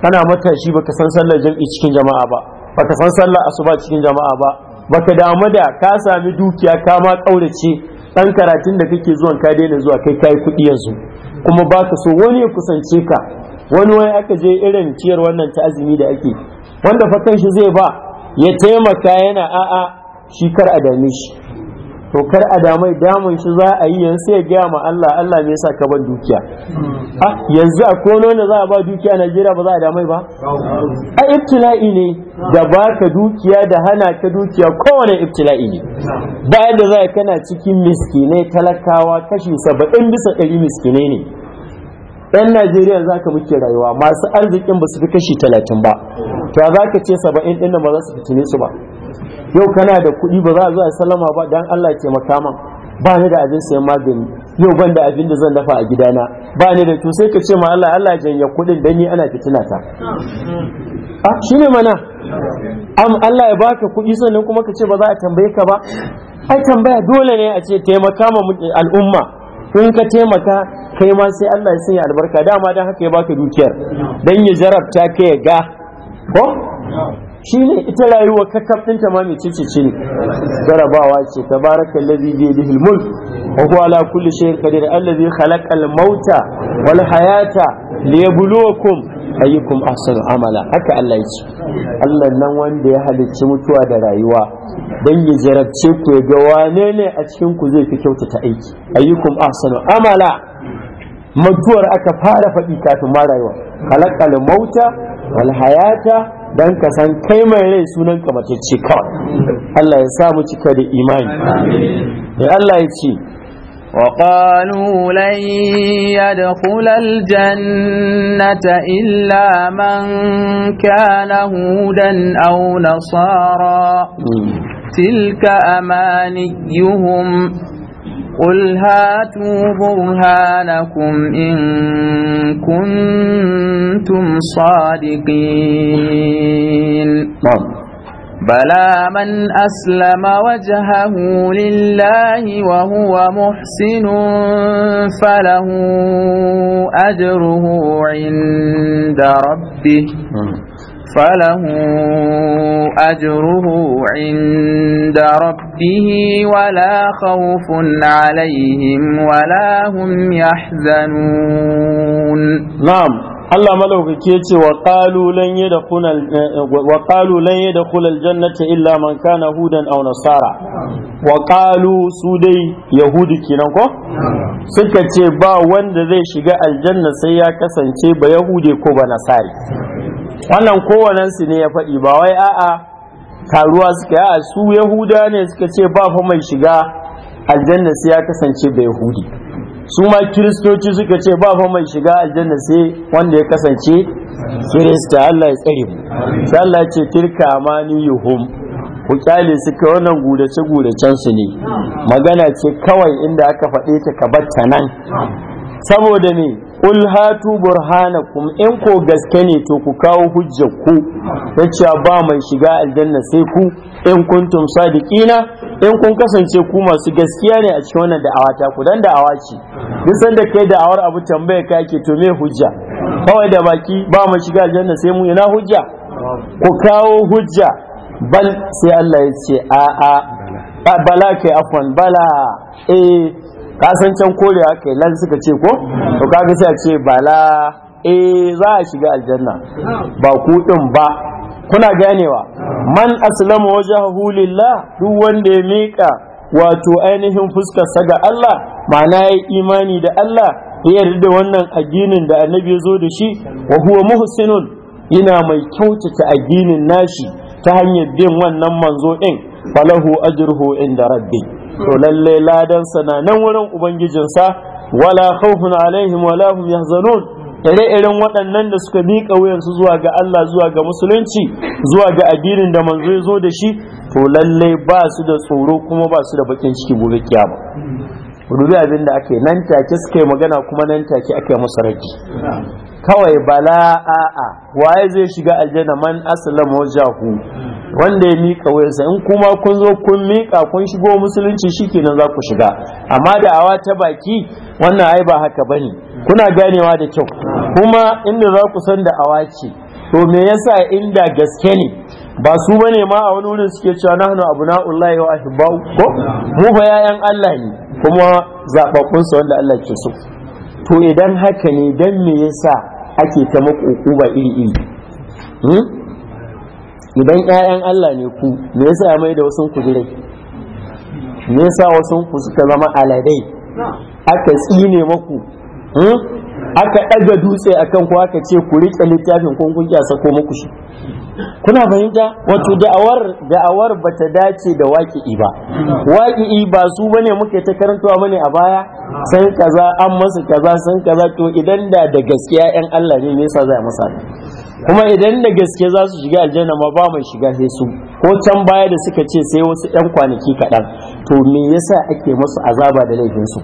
kana matashi baka san sallar jam'i cikin jama'a ba baka san sallar asuba cikin jama'a ba baka damu da ka sami dukiya ka ma kaurace dan karatun da kake zuwan ka daina zuwa kai kai kuɗi yanzu kuma baka so wani ya kusance ka wani wani aka je irin ciyar wannan ta azumi da ake wanda fa shi zai ba ya taimaka yana a'a shi kar a dame shi to kar a damai damun shi za a yi yanzu ya gaya ma Allah Allah me yasa ka ban dukiya ah yanzu a kono ne za a ba dukiya a Najeriya ba za a damai ba a ibtila'i ne da ba ka dukiya da hana ka dukiya kowane ibtila'i ne ba da za kana cikin miskinai talakawa kashi saba'in bisa ɗari miskinai ne yan Najeriya za ka muke rayuwa masu arzikin ba su fi kashi talatin ba to za ka ce saba'in ɗin nan ba za su fitine su ba yau kana da kuɗi ba za a zo a salama ba dan Allah ya makaman ba ni da abin sayan magani yau ban da abin da zan dafa a gidana ba ni da to sai ka ce ma Allah Allah janye kuɗin dan ni ana fitina ta ah ne mana am Allah ya baka kuɗi sannan kuma ka ce ba za a tambaye ka ba ai tambaya dole ne a ce taimaka ma al'umma in ka taimaka kai ma sai Allah ya sanya albarka dama dan haka ya baka dukiyar dan ya jarabta ka ya ga ko shi ne ita rayuwa kakafin ta ma mai ce ce ne jarabawa ce ta baraka bi yadihi da mulk wa kuwa ala kulli shay'in qadir allazi khalaqa al-mauta wal hayata liyabluwakum ayyukum ahsanu amala haka Allah yake Allah nan wanda ya halicci mutuwa da rayuwa dan ya jarabce ku ga wane ne a cikin ku zai fi kyautata aiki ayyukum ahsanu amala mutuwar aka fara faɗi kafin ma rayuwa halakal mauta wal dan ka san kai mai rai sunan ka matacce kawai Allah ya sa mu cika da imani ya Allah ya ce وقالوا لن يدخل الجنة إلا من كان هودا أو نصارى تلك أمانيهم قل هاتوا برهانكم إن كنتم صادقين نعم. بلى من أسلم وجهه لله وهو محسن فله أجره عند ربه نعم. فله أجره عند ربه ولا خوف عليهم ولا هم يحزنون نعم Allah malaukake ce wa qalu lan yadkhula wa qalu lan yadkhula aljannata illa man kana hudan aw nasara wa qalu su dai yahudi kenan ko suka ce ba wanda zai shiga aljanna sai ya kasance ba yahude ko ba nasari wannan su ne ya faɗi ba wai a'a taruwa suka yi A su yahuda ne suka ce ba fa mai shiga aljanna sai ya kasance bai yahudi su ma kiristoci suka ce ba fa mai shiga aljanna sai wanda ya kasance kirista Allah ya tsare mu sai Allah ce tirka amani amaniyuhum ku kyale su kai wannan gudace gudacen su ne magana ce kawai inda aka faɗe ta ka batta nan saboda ne. Ulhatu, hatu burhanakum in ko gaske ne to ku kawo hujja ku yace ba mai shiga aljanna sai ku in kuntum sadiqina in kun kasance ku masu gaskiya ne a cikin wannan da'awa ta ku dan da'awa ce duk sanda kai da'awar abu tambaya ka yake to me hujja kawai da baki ba mai shiga aljanna sai mu ina hujja ku kawo hujja bal sai Allah ya ce a a bala kai afwan bala eh kasan can kore aka yi lan suka ce ko to kaga sai a ce bala e za a shiga aljanna ba ku ba kuna ganewa man aslama wajhahu lillah duk wanda ya mika wato ainihin fuskarsa ga Allah ma'ana ya imani da Allah ya yarda da wannan addinin da annabi ya zo da shi wa huwa muhsinun yana mai kyautata addinin nashi ta hanyar bin wannan manzo din falahu ajruhu inda rabbi to lalle ladan na nan wurin ubangijinsa wala khawfun alaihim wala hum yahzanun ire-iren waɗannan da suka miƙa wuyansu zuwa ga Allah zuwa ga musulunci zuwa ga addinin da manzo ya zo da shi to lalle ba su da tsoro kuma ba su da bakin ciki gobe kiyama dubi abin da ake nan take suka yi magana kuma nan take aka yi musu kawai bala a'a waye zai shiga aljanna man aslama wajhahu wanda ya mika wayarsa in kuma kun zo kun mika kun shigo musulunci shikenan za ku shiga amma da awa ta baki wannan ai ba haka bane kuna ganewa da kyau kuma inda za ku san da awa ce to me yasa inda gaske ne ba su bane ma a wani wurin suke cewa nahnu abna'ullahi wa ahibba'u ko mu fa yayan Allah ne kuma zababbun wanda Allah ke so to idan haka ne dan me yasa ake ta maku ba iri iri hmm? idan 'ya'yan Allah ne ku me yasa ya mai da wasu kujirai me yasa wasu ku suka zama aladai aka tsine maku hmm? aka ɗaga dutse akan ku aka ce ku riƙe littafin kun kun sako muku shi kuna fahimta wato da'awar da'awar bata dace da waƙi'i ba waƙi'i ba su bane muke ta karantawa bane a baya san kaza an masa kaza san kaza to idan da da gaskiya yan Allah ne me yasa za a masa kuma idan da gaske za su shiga aljanna ma ba mai shiga sai su ko can baya da suka ce sai wasu yan kwanaki kaɗan to me yasa ake musu azaba da laifinsu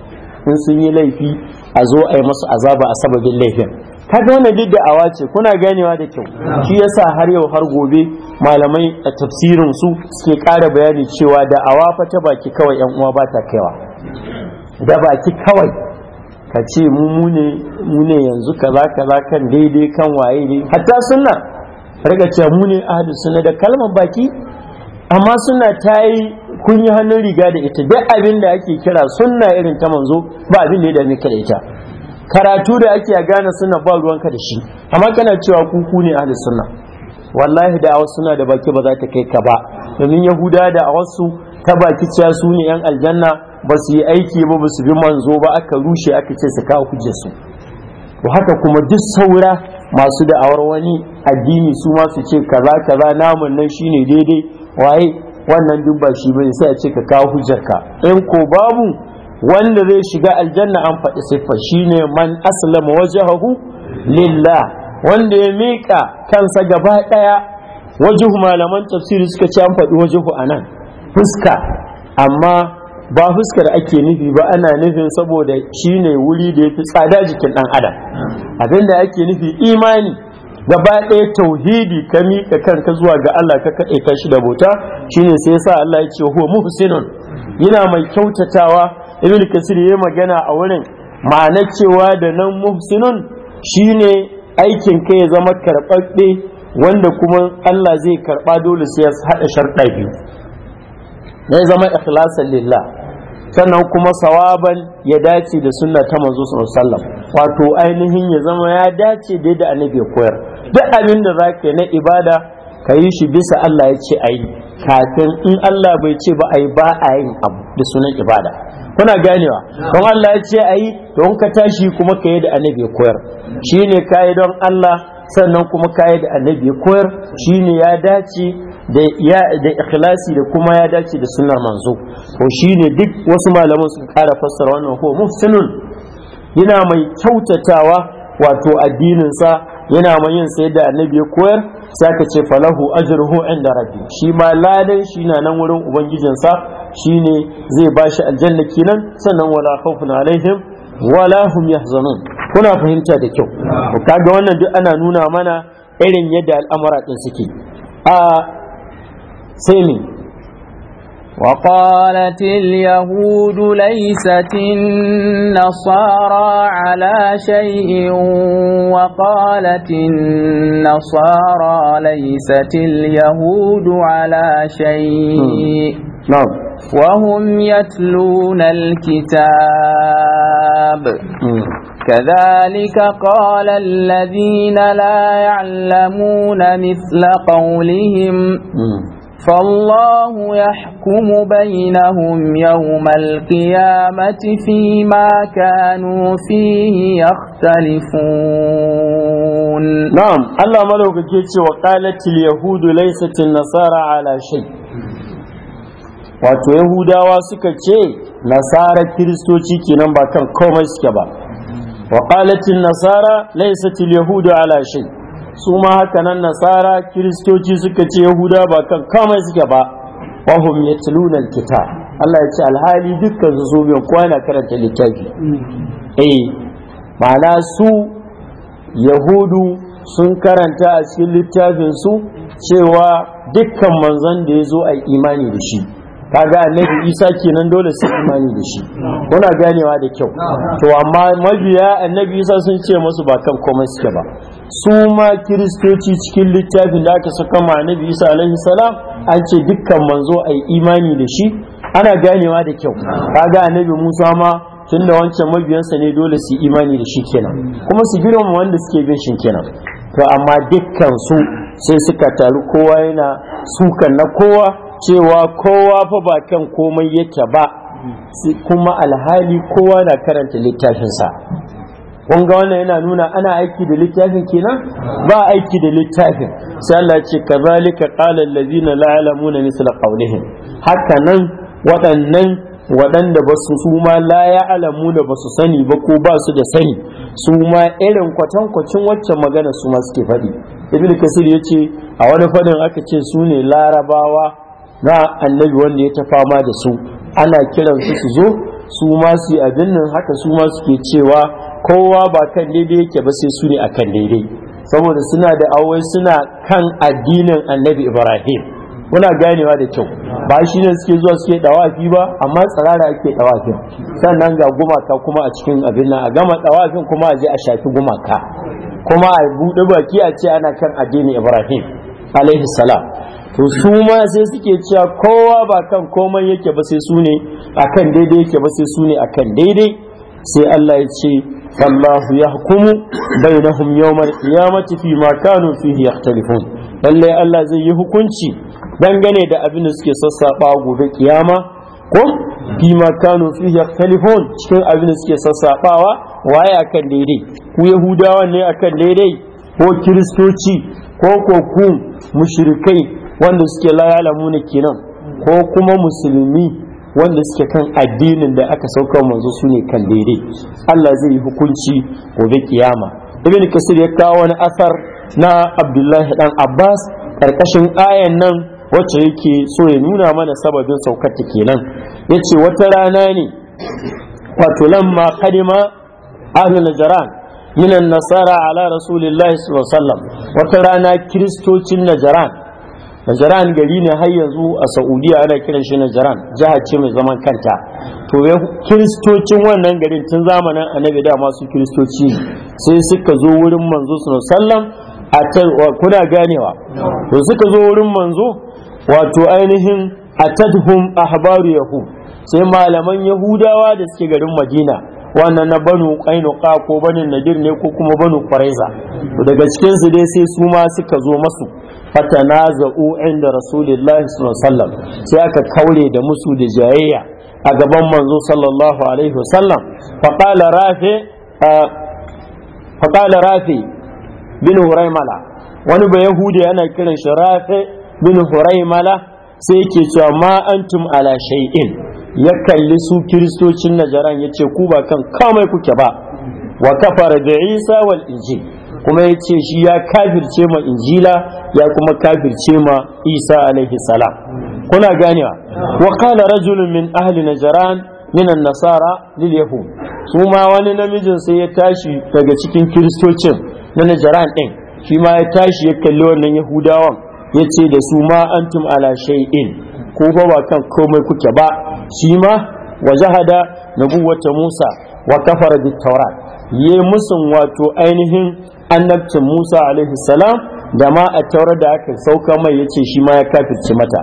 in sun yi laifi a zo a yi musu azaba a sababin laifin kaga wannan duk da'awa ce kuna ganewa da kyau shi yasa har yau har gobe malamai a tafsirin su suke ƙara bayani cewa da'awa fa ta baki kawai yan uwa ba ta kaiwa da baki kawai ka ce mu ne yanzu kaza kaza kan daidai kan waye ne hatta sunna riga cewa mu ne sunna da kalmar baki amma suna ta yi kun yi hannun riga da ita duk abin da ake kira sunna irin ta manzo ba abin da ya da ita karatu da ake a gane suna ba ruwanka da shi amma kana cewa kuku ne ahli sunna wallahi da wasu suna da baki ba za ta kai ka ba domin yahuda da wasu ta baki cewa su ne yan aljanna ba su yi aiki ba ba su bi manzo ba aka rushe aka ce su kawo hujjarsu to haka kuma duk saura masu da'awar wani addini su ma su ce kaza kaza namun nan shine daidai waye wannan duk ba shi bane sai a ce ka kawo hujjarka in ko babu wanda zai shiga aljanna an faɗi siffa shine man aslama wajhahu lillah wanda ya miƙa kansa gaba ɗaya wajhu malaman tafsiri suka ce an faɗi wajhu anan fuska amma ba fuska fuskar ake nufi ba ana nufin saboda shine wuri da yafi tsada jikin ɗan adam abinda ake nufi imani gaba ɗaya tauhidi ka miƙa kanka zuwa ga Allah ka kaɗe ka shi da bota, shine sai ya sa Allah ya ce huwa muhsinun yana mai kyautatawa ibn kasir yayi magana a wurin ma'ana cewa da nan muhsinun shine aikin kai ya zama karɓaɓɓe wanda kuma Allah zai karɓa dole sai ya haɗa sharɗa biyu ne zama ikhlasan lillah sannan kuma sawaban ya dace da sunna ta manzo sallam wato ainihin ya zama ya dace da da annabi koyar duk abin da zaka na ibada ka yi shi bisa Allah ya ce ayi kafin in Allah bai ce ba ayi ba a yin abu da sunan ibada kuna ganewa don Allah ya ce ayi don ka tashi kuma ka yi da annabi ya koyar shine kai don Allah sannan kuma yi da annabi ya koyar shine ya dace da ya da ikhlasi da kuma ya dace da sunnar manzo to shine duk wasu malaman suka kara fassara wannan ko muhsinun yana mai kyautatawa wato addinin sa yana mai yin sai da annabi ya koyar ka ce falahu ajruhu inda rabbi shi ma ladan shi na nan wurin ubangijinsa shine zai bashi aljanna kenan sannan wala khawfun alaihim wala hum yahzanun kuna fahimta da kyau kaga wannan duk ana nuna mana irin yadda al'amura din suke a sai ne وقالت اليهود ليست النصارى على شيء وقالت النصارى ليست اليهود على شيء نعم وهم يتلون الكتاب كذلك قال الذين لا يعلمون مثل قولهم فالله يحكم بينهم يوم القيامة فيما كانوا فيه يختلفون نعم الله ملوك جيتي وقالت اليهود ليست النصارى على شيء wato yahudawa suka ce nasara kiristoci kenan ba kan komai suke ba wa qalatin nasara laysat yahudu ala shay su ma haka nan nasara kiristoci suka ce yahuda ba kan komai suke ba wa hum yatluna alkitab Allah ya ce alhali dukkan su su biyan kowa yana karanta littafi eh ma'ana su yahudu sun karanta a cikin littafin su cewa dukkan manzon da ya zo a imani da shi Ka kaga annabi isa kenan dole su imani da shi kuna ganewa da kyau to amma mabiya annabi isa sun ce musu ba kan komai suke ba su ma kiristoci cikin littafin da aka saka ma annabi isa alaihi salam an ce dukkan manzo ai imani da shi ana ganewa da kyau Ka ga annabi musa ma tun da wancan mabiyansa ne dole su imani da shi kenan kuma su girma wanda suke bin shi kenan to amma dukkan su sai suka taru kowa yana sukan na kowa cewa kowa fa ba kan komai yake ba kuma alhali kowa na karanta littafinsa kun ga wannan yana nuna ana aiki da littafin kenan ba aiki da littafin sai Allah ce kazalika qala allazina la ya'lamuna misla qawlihim haka nan waɗannan waɗanda ba su su ma la ya'lamuna ba su sani ba ko ba su da sani su ma irin kwatankwacin waccan magana su ma suke faɗi ibnu kasir yace a wani fadin aka ce su ne larabawa na annabi wanda ya ta fama da su ana kiran su su zo su ma su yi abin nan haka su ma suke cewa kowa ba kan daidai yake ba sai su ne a kan daidai saboda suna da awai suna kan addinin annabi ibrahim muna ganewa da kyau ba shi ne suke zuwa suke dawafi ba amma tsarara ake dawafin sannan ga gumaka kuma a cikin abin nan a gama dawafin kuma a je a shafi gumaka kuma a buɗe baki a ce ana kan addinin ibrahim alaihi salam to su ma sai suke cewa kowa ba kan komai yake ba sai su ne kan daidai yake ba sai su ne kan daidai sai Allah ya ce Allah ya hukumu bainahum yawmal qiyamati fi ma kanu fihi yahtalifun lalle Allah zai yi hukunci dangane da abin da suke sassaba gobe kiyama ko fi ma kanu fihi cikin abin da suke sassabawa waye akan daidai ku yahudawa ne akan daidai ko kiristoci ko ko ku mushrikai wanda suke la kenan ko kuma musulmi wanda suke kan addinin da aka sauka manzo su ne kan daidai Allah zai yi hukunci gobe kiyama ibn kasir ya kawo wani asar na abdullahi dan abbas karkashin ayan nan wacce yake so ya nuna mana sababin saukar ta kenan yace wata rana ne wato lamma kadima ahlul najran minan nasara ala rasulillahi sallallahu alaihi wasallam wata rana kiristocin najran najaran gari ne har yanzu a saudiya ana kiran shi najaran jihar ce mai zaman kanta to kiristocin wannan garin tun zamanin annabi da masu kiristoci sai suka zo wurin manzo sallam a tarwa kuna ganewa to suka zo wurin manzo wato ainihin tadhum ahbaru yahud sai malaman yahudawa da suke garin madina wannan na banu kainuka ko banin nadir ne ko kuma banu kwareza daga su dai sai su ma suka zo masu fatanaza'u inda rasulillahi sallallahu alaihi wasallam sai aka kaure da musu da jayayya a gaban manzo sallallahu alaihi wasallam faqala rafi rafi bin huraymala wani ba yahudi yana kiran shi rafi bin huraymala sai yake cewa ma antum ala shay'in ya kalli su kiristocin najaran yace ku ba kan kamai kuke ba wa kafara da isa wal injil kuma ya ce shi ya kafirce ma injila ya kuma kafirce ma isa alaihi salam kuna ganewa wa qala rajulun min ahli najran min an-nasara lil yahud su ma wani namijin sai ya tashi daga cikin kiristocin na najran din shi ma ya tashi ya kalli wannan yahudawan ya ce da su ma antum ala shay'in ko ba ba kan komai kuke ba shi ma wa jahada nabuwata musa wa kafara bit taurat musun wato ainihin annabcin Musa alaihi salam da ma a taurar da aka sauka mai yace shi ma ya kafirce mata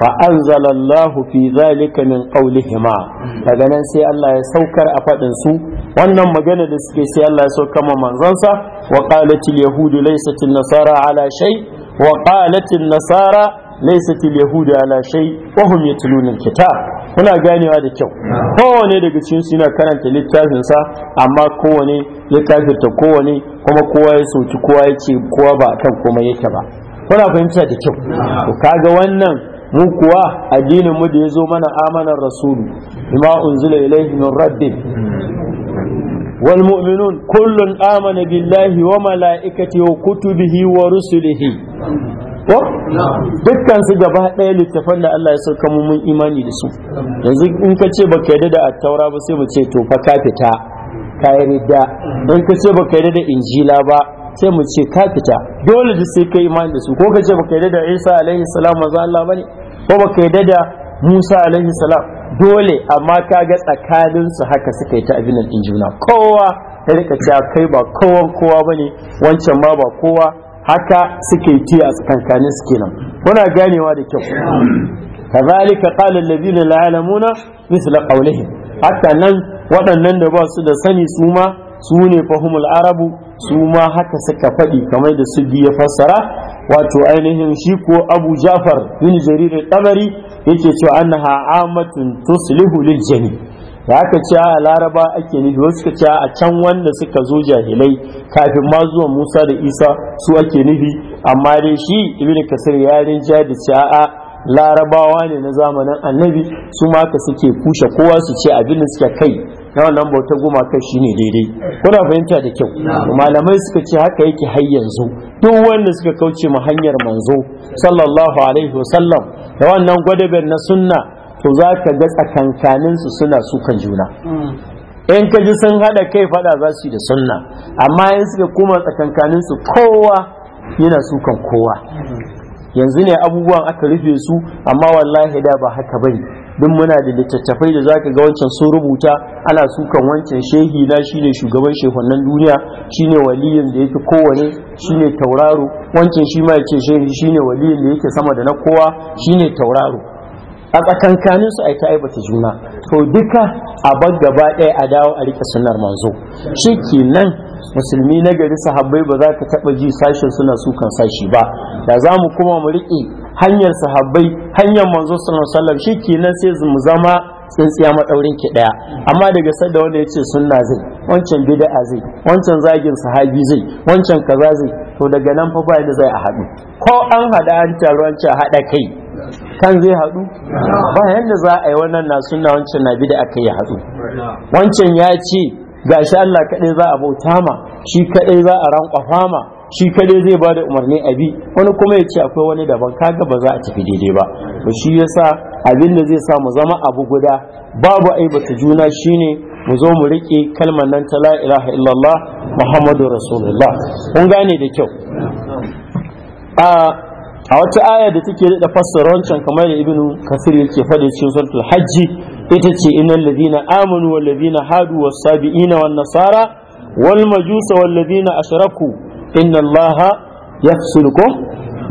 fa anzalallahu fi zalika min qawlihima daga nan sai Allah ya saukar a fadin su wannan magana da suke sai Allah ya saukar ma manzansa wa qalatil yahudu laysat nasara ala shay wa an nasara laysat yahudu ala shay wa hum yatluna alkitab kuna ganewa da kyau kowane daga cikin su yana karanta littafin sa amma kowane ya kafirta kowane kuma kowa ya soki kowa ya ce kowa ba kan komai yake ba kuna fahimta da kyau to kaga wannan mu kuwa addinin mu da ya zo mana amanar rasulu bima unzila ilayhi min Amana biLlahi wa malaikatihi wa kutubihi wa rusulihi. ko dukkan su gaba ɗaya littafan da Allah ya sauka mu mun imani da su yanzu in ka ce baka yarda da attaura ba sai mu ce to fa ka ka yarda in ka ce baka yarda da injila ba sai mu ce kafita. dole da sai kai imani da su ko ka ce baka yarda da Isa alaihi salam manzo Allah bane ko baka yarda da Musa alaihi salam dole amma ka ga tsakanin su haka suka yi ta abin injila kowa ya rika cewa kai ba kowan kowa bane wancan ma ba kowa haka suke ci a tsakankanin su kenan kuna ganewa da kyau kazalika qala alladhina la ya'lamuna misla qawlihi haka nan waɗannan da ba su da sani su ma su ne fahimul arabu su ma haka suka faɗi kamar da su biya fassara wato ainihin shi ko abu jafar bin jarir tabari yake cewa annaha amatun tuslihu lil jami' da aka ce a laraba ake nufi wasu suka ce a can wanda suka zo jahilai kafin ma zuwa musa da isa su ake nufi amma dai shi ibn kasir ya rinja da ce a larabawa ne na zamanin annabi su ma ka suke kushe kowa su ce abin da suke kai na wannan bauta shi ne daidai kuna fahimta da kyau malamai suka ce haka yake har yanzu duk wanda suka kauce mu hanyar manzo sallallahu alaihi wasallam da wannan gwadaben na sunna to za ka ga tsakankaninsu suna sukan juna in ka ji sun haɗa kai faɗa za su yi da sunna amma in suka koma tsakankaninsu kowa yana sukan kowa yanzu ne abubuwan aka rufe su amma wallahi da ba haka bane duk muna da littattafai da zaka ga wancan sun rubuta ana sukan wancan shehi na shine shugaban shehunan duniya shine waliyin da yake kowane shine tauraro wancan shi ma yake shehi shine waliyin da yake sama da na kowa shine tauraro a tsakankanin su a ta aibata juna to duka a bar gaba ɗaya a dawo a rike sunnar manzo shi nan musulmi na gari sahabbai ba za ka taɓa ji sashen suna sukan sashi ba da za mu kuma mu riƙe hanyar sahabbai hanyar manzo sallallahu alaihi wasallam shi kenan sai mu zama tsintsiya maɗaurin ki ɗaya amma daga sadda wanda ya ce sunna zai wancan bida'a zai wancan zagin sahabi zai wancan kaza zai to daga nan fa ba yadda zai a haɗu ko an haɗa an taro an ce haɗa kai kan zai haɗu ba yadda za a yi wannan na suna wancan na bi da aka yi haɗu wancan ya ce ga shi Allah kaɗai za a bauta ma shi kaɗai za a ranƙwa ma shi kaɗai zai ba da umarni a bi wani kuma ya ce akwai wani daban kaga ba za a tafi daidai ba to shi yasa abin da zai sa mu zama abu guda babu aibata juna shine mu zo mu riƙe kalmar nan ta la ilaha illallah muhammadu rasulullah kun gane da kyau a wata aya da take da fassara wancan kamar da ibnu kasir yake faɗi cikin suratul hajji ita ce innal ladina amanu wal ladina hadu was sabiina wan nasara wal majusa wal ladina ashraku inna allaha yafsulukum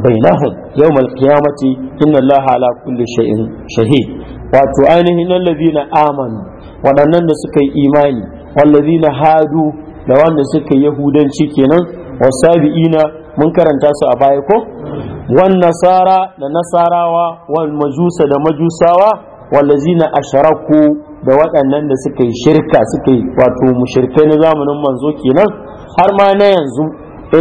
bainahum yawm al qiyamati inna allaha ala kulli shay'in shahid wato ainihin alladina amanu waɗannan da suka yi imani wallazina hadu da wanda suka yi yahudanci kenan wasabiina mun karanta su a baya ko wan nasara da nasarawa wal majusa da majusawa wallazina asharaku da waɗannan da suka yi shirka suka yi wato mushirke na zamanin manzo kenan har ma na yanzu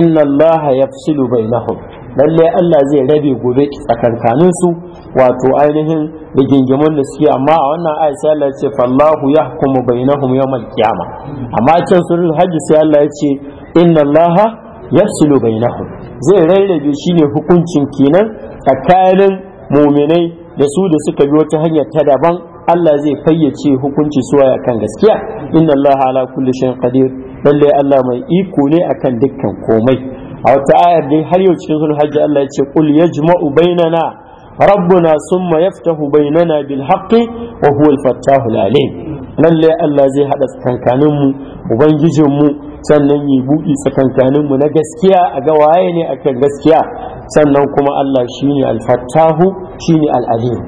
inna allaha yafsilu bainahum lallai Allah zai rabe gobe tsakankanin su wato ainihin rigingimun da suke amma a wannan ayat sai Allah ya ce fallahu yahkumu bainahum yawmal qiyamah amma can surul haji sai Allah ya ce inna allaha yafsilu bainahum zai rarrabe shine hukuncin kenan tsakanin muminai da su da suka bi wata hanyar ta daban Allah zai fayyace hukunci suwa kan gaskiya inna Allah ala kulli shay'in qadir lalle Allah mai iko ne akan dukkan komai a wata ayar dai har yau cikin sunan hajji Allah ya ce qul yajma'u bainana rabbuna summa yaftahu bainana bil haqqi wa huwa al-fattahu al-alim lalle Allah zai haɗa tsakankaninmu ubangijinmu sannan yi buɗi tsakankaninmu na gaskiya a ga waye ne kan gaskiya sannan kuma Allah shi ne alfattahu shi ne al'alim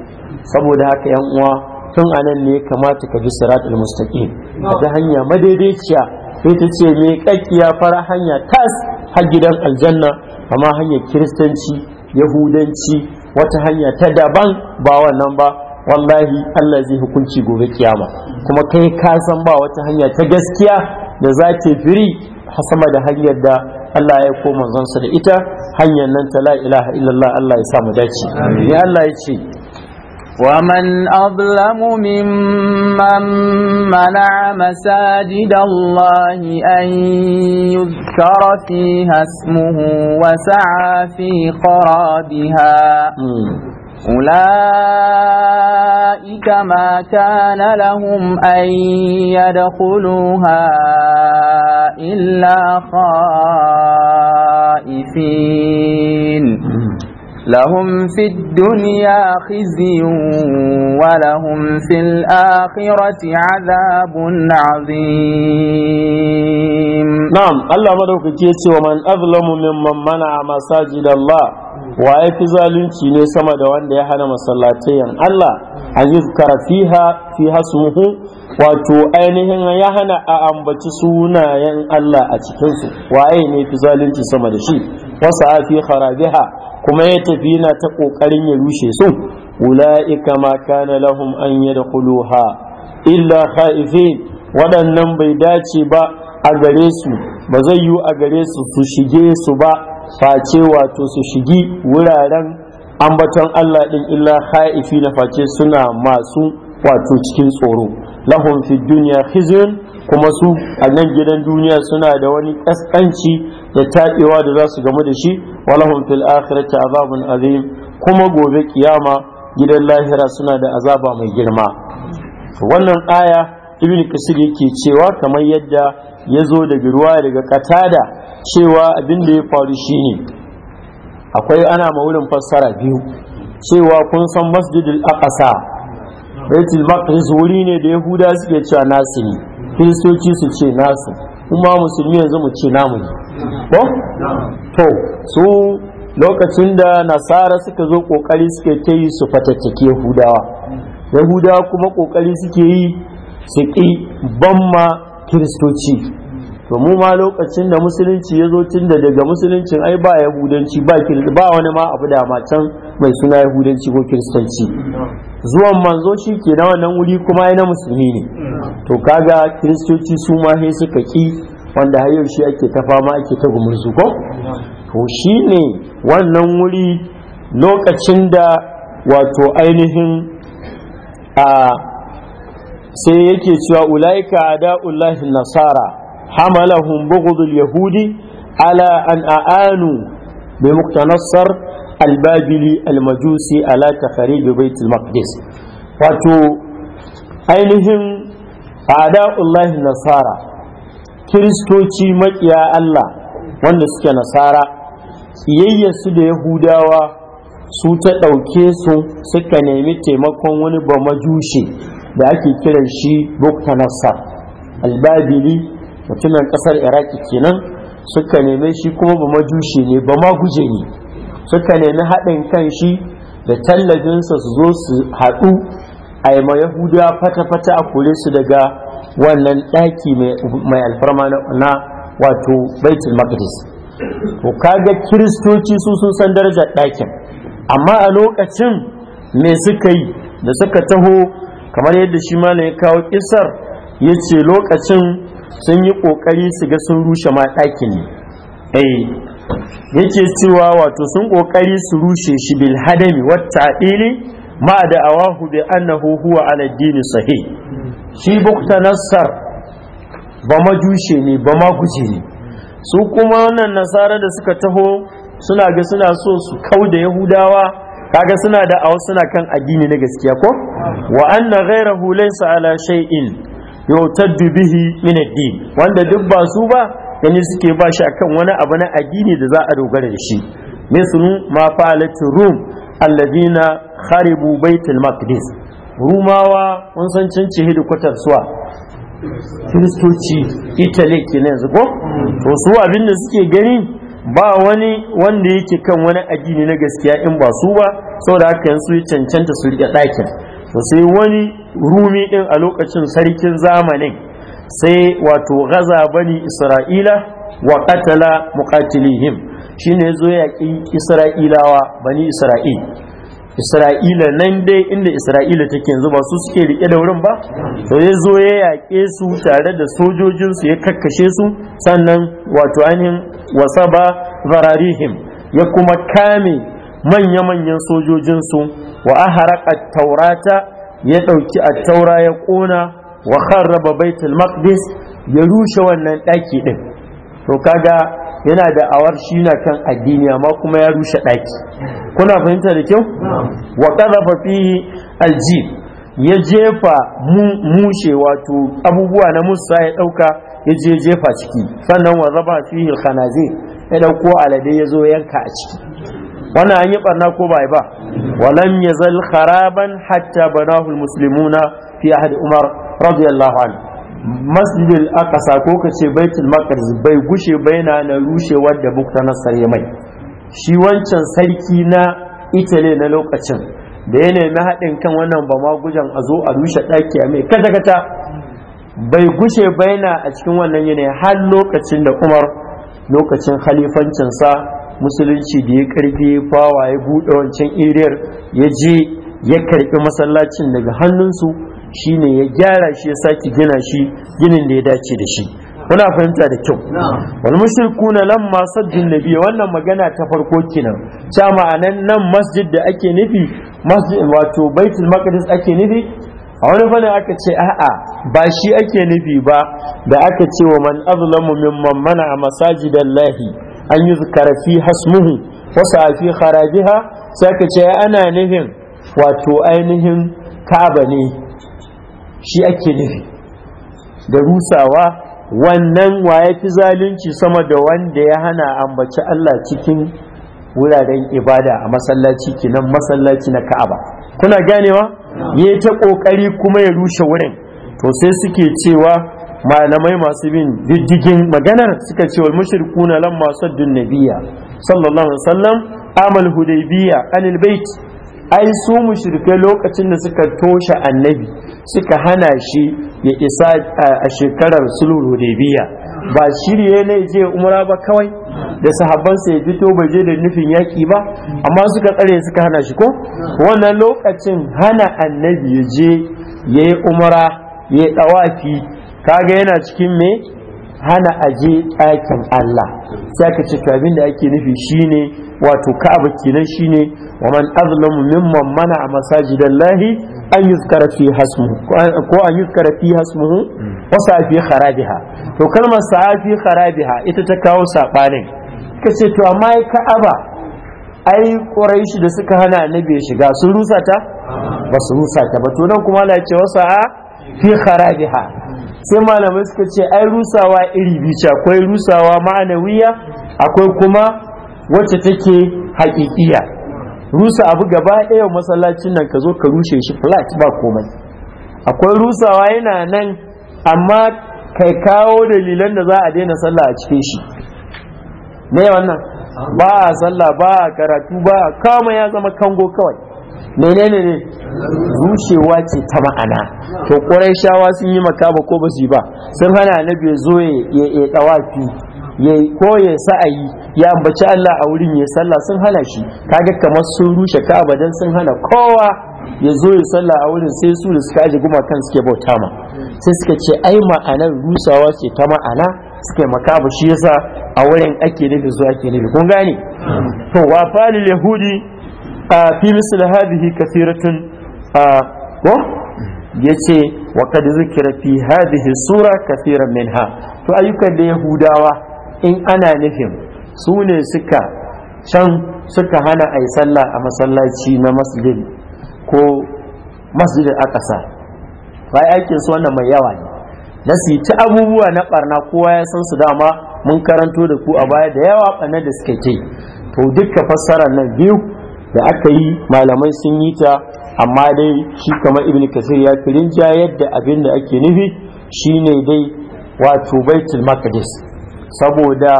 saboda haka yan uwa tun anan ne ya kamata ka bi siratul mustaqim ta hanya madaidaiciya ta ce mai kakkiya fara hanya tas har gidan aljanna amma hanyar kiristanci yahudanci wata hanya ta daban ba wannan ba wallahi Allah zai hukunci gobe kiyama kuma kai ka san ba wata hanya ta gaskiya da za ta firi sama da hanyar da Allah ya ko manzonsa da ita hanyar nan ta la ilaha illallah Allah ya sa mu dace ya Allah ya ce ومن أظلم ممن منع مساجد الله أن يذكر فيها اسمه وسعى في خرابها أولئك ما كان لهم أن يدخلوها إلا خائفين لهم في الدنيا خزي ولهم في الآخرة عذاب عظيم نعم الله مدوك كيتي ومن أظلم ممن منع مساجد الله wa ya fi zalunci ne sama da wanda ya hana masallatayen Allah an yi fiha fiha sumuhu wato ainihin ya hana a ambaci sunayen Allah a cikinsu waye ne fi zalunci sama da shi wasu fi kharabiha kuma ya tafi yana ta kokarin ya rushe su ula'ika ma kana lahum an yadkhuluha illa khaifin waɗannan bai dace ba a gare su ba zai yi a gare su su shige su ba face wato su shigi wuraren ambaton Allah ɗin illa haifi na face suna masu wato cikin tsoro lahum fi duniya hizin kuma su a nan gidan duniya suna da wani ƙasƙanci da taɓewa da za su gamu da shi walahum fil akhirati azabun azim kuma gobe kiyama gidan lahira suna da azaba mai girma wannan aya ibn kasir yake cewa kamar yadda ya zo daga ruwa daga katada cewa abin da ya faru shi ne, akwai ana maurin fassara biyu cewa kun san masjidil aqsa baitul maqdis wuri ne da yahuda suke cewa nasu ne kiristoci su ce nasu kuma musulmi yanzu mu ce namu ne ko to su lokacin da nasara suka zo kokari suke ta su fatattake yahudawa yahudawa kuma kokari suke yi su ƙi ban kiristoci to mu ma lokacin da musulunci ya zo tun da daga musuluncin ai ba yahudanci ba ba wani ma abu da can mai suna yahudanci ko kiristanci zuwan manzo shi ke na wannan wuri kuma na musulmi ne to kaga kiristoci su ma sai suka ki wanda har yau shi ake ta fama ake ta gumurzu ko to shi ne wannan wuri lokacin da wato ainihin a sai yake cewa ulaika ada'ullahi nasara hamalahum bughdul yahudi ala an aanu bi muktanassar albabili almajusi ala takharij baitul maqdis wato ainihin ada'ullahi nasara kiristoci makiya Allah wanda suke nasara su da yahudawa su ta ɗauke su suka nemi taimakon wani bamajushe da ake kiran shi bukta nasar albabili mutumin kasar iraki kenan suka neme shi kuma ba majushi ne ba ma guje ne suka nemi haɗin kan shi da tallafinsa su zo su haɗu a yi yahudawa fata-fata a kore su daga wannan ɗaki mai alfarma na wato baitul maqdis to kaga kiristoci su sun san darajar ɗakin amma a lokacin me suka yi da suka taho kamar yadda shi ma ya kawo kisar ya ce lokacin sun yi kokari su ga sun rushe ma ɗakin ne eh yake cewa wato sun kokari su rushe shi bil hadami wa ta'ili ma da awahu bi annahu huwa ala dini sahih shi bukta nassar ba ma jushe ne ba ma guje ne su kuma wannan nasara da suka taho suna ga suna so su kau da yahudawa kaga suna da awu suna kan addini na gaskiya ko wa anna ghayrahu laysa ala shay'in yautaddu bihi min din wanda duk ba su ba gani suke ba shi akan wani abu na addini da za a dogara da shi mislu ma fa'alat rum alladhina kharibu baitul maqdis rumawa mun san hidu hidikwatar suwa kiristoci italy kenan yanzu ko to su abin da suke gani ba wani wanda yake kan wani addini na gaskiya in ba su ba saboda haka yanzu ya cancanta su riƙe ɗakin to sai wani rumi din a lokacin sarkin zamanin sai wato gaza bani isra'ila wa katala muqatilihim shine zo yaƙi isra'ilawa bani isra'il isra'ila nan dai inda isra'ila take yanzu ba su suke rike da wurin ba to ya zo ya yaƙe su tare da sojojinsu ya kakkashe su sannan wato ainihin wasaba ba zararihim ya kuma kame manya-manyan sojojinsu wa aharaka taurata ya ɗauki a taura ya ƙona wa kharraba baitul maqdis ya rushe wannan ɗaki ɗin to kaga yana da awar shi na kan addini amma kuma ya rushe ɗaki kuna fahimta da kyau wa qadhafa fihi aljib ya jefa mushe wato abubuwa na musa ya ɗauka ya je jefa ciki sannan wa raba fihi khanazir ya ɗauko alade ya zo yanka a ciki wannan an yi barna ko bai ba ولم يزل خرابا حتى بناه المسلمون في عهد عمر رضي الله عنه مسجد الأقصى كوكا بيت المقدس بي غشي بينا نروشي ود بوكتا نصر يمي شي وانشان سلكينا na lokacin da ya nemi haɗin kan wannan ba ma gujan a zo a rushe ɗaki a mai kada kata bai gushe baina a cikin wannan yanayi har lokacin da umar lokacin khalifancinsa musulunci da ya karfi fawa ya buɗe wancan iriyar ya je ya karɓi masallacin daga hannunsu shine ya gyara shi ya sake gina shi ginin da ya dace da shi Kuna fahimta da kyau Wani wal nan nan sajjun nabi wannan magana ta farko kenan ta ma'anan nan masjid da ake nufi masjid wato baitul maqdis ake nufi a wani fannin aka ce a'a ba shi ake nufi ba da aka ce wa man azlamu mimman mana a lahi. an yi fi hasmuhu wasu a fi harabiha sai ka ce ana nufin wato ainihin kaba ne shi ake nufi da rusawa wannan wa ya fi zalunci sama da wanda ya hana ambaci Allah cikin wuraren ibada a masallaci kinan masallaci na ka'aba kuna ganewa ya ta ƙoƙari kuma ya rushe wurin to sai suke cewa malamai masu bin diddigin maganar suka ce wal mushrikuna lam saddun nabiyya sallallahu alaihi wasallam amal hudaybiya anil bait ai su mushrike lokacin da suka toshe annabi suka hana shi ya isa a shekarar sulhu hudaybiya ba shirye ne je umra ba kawai da sahabbansa ya fito bai je da nufin yaki ba amma suka tsare suka hana shi ko wannan lokacin hana annabi ya je ya umra ya yi ɗawafi kaga yana cikin me hana aje ɗakin Allah sai ka ce abin da ake nufi shine wato ka'aba kenan shine wa man azlamu mimman mana a lahi an yuzkara fi hasmu ko an yuzkara fi hasmuhu wa safi kharabiha to kalmar safi kharabiha ita ta kawo sabanin kace to amma ka'aba ai quraishi da suka hana annabi ya shiga sun rusa ta ba su rusa ta ba to nan kuma Allah ya ce wasa fi kharabiha sai malamai suka ce ai rusawa iri biyu akwai rusawa ma'anawiya akwai kuma wacce take haƙiƙiya rusa abu gaba ɗaya masallacin nan ka zo ka rushe shi flat ba komai akwai rusawa yana nan amma kai kawo dalilan da za a daina sallah a cikin shi me wannan ba a sallah ba karatu ba a kama ya zama kango kawai menene ne rushewa ce ta ma'ana to shawa sun yi makaba ko ba yi ba sun hana annabi zo ya dawafi ya ko ya sa'ayi ya ambaci Allah a wurin ya sallah sun hana shi kaga kamar sun rushe Ka'aba dan sun hana kowa ya zo ya sallah a wurin sai su da suka aje gumakan suke bauta ma sai suka ce ai ma'anar rusawa ce ta ma'ana suke makabu shi yasa a wurin ake nufi zuwa ake nufi kun gane to wa falil yahudi fi misal hadhihi kathiratun ko yace wa kad zikira fi hadhihi sura kathiran minha to ayyukan da yahudawa in ana nufin su ne suka can suka hana a yi sallah a masallaci na masjid ko masjid a ƙasa bai aikin su wannan mai yawa ne na ci abubuwa na ɓarna kowa ya san su dama mun karanto da ku a baya da yawa ɓanna da suke ke to duka fassarar nan biyu da aka yi malamai sun yi ta amma dai shi kamar ibn kasir ya fi rinja yadda abin da ake nufi shine dai wato baitul maqdis saboda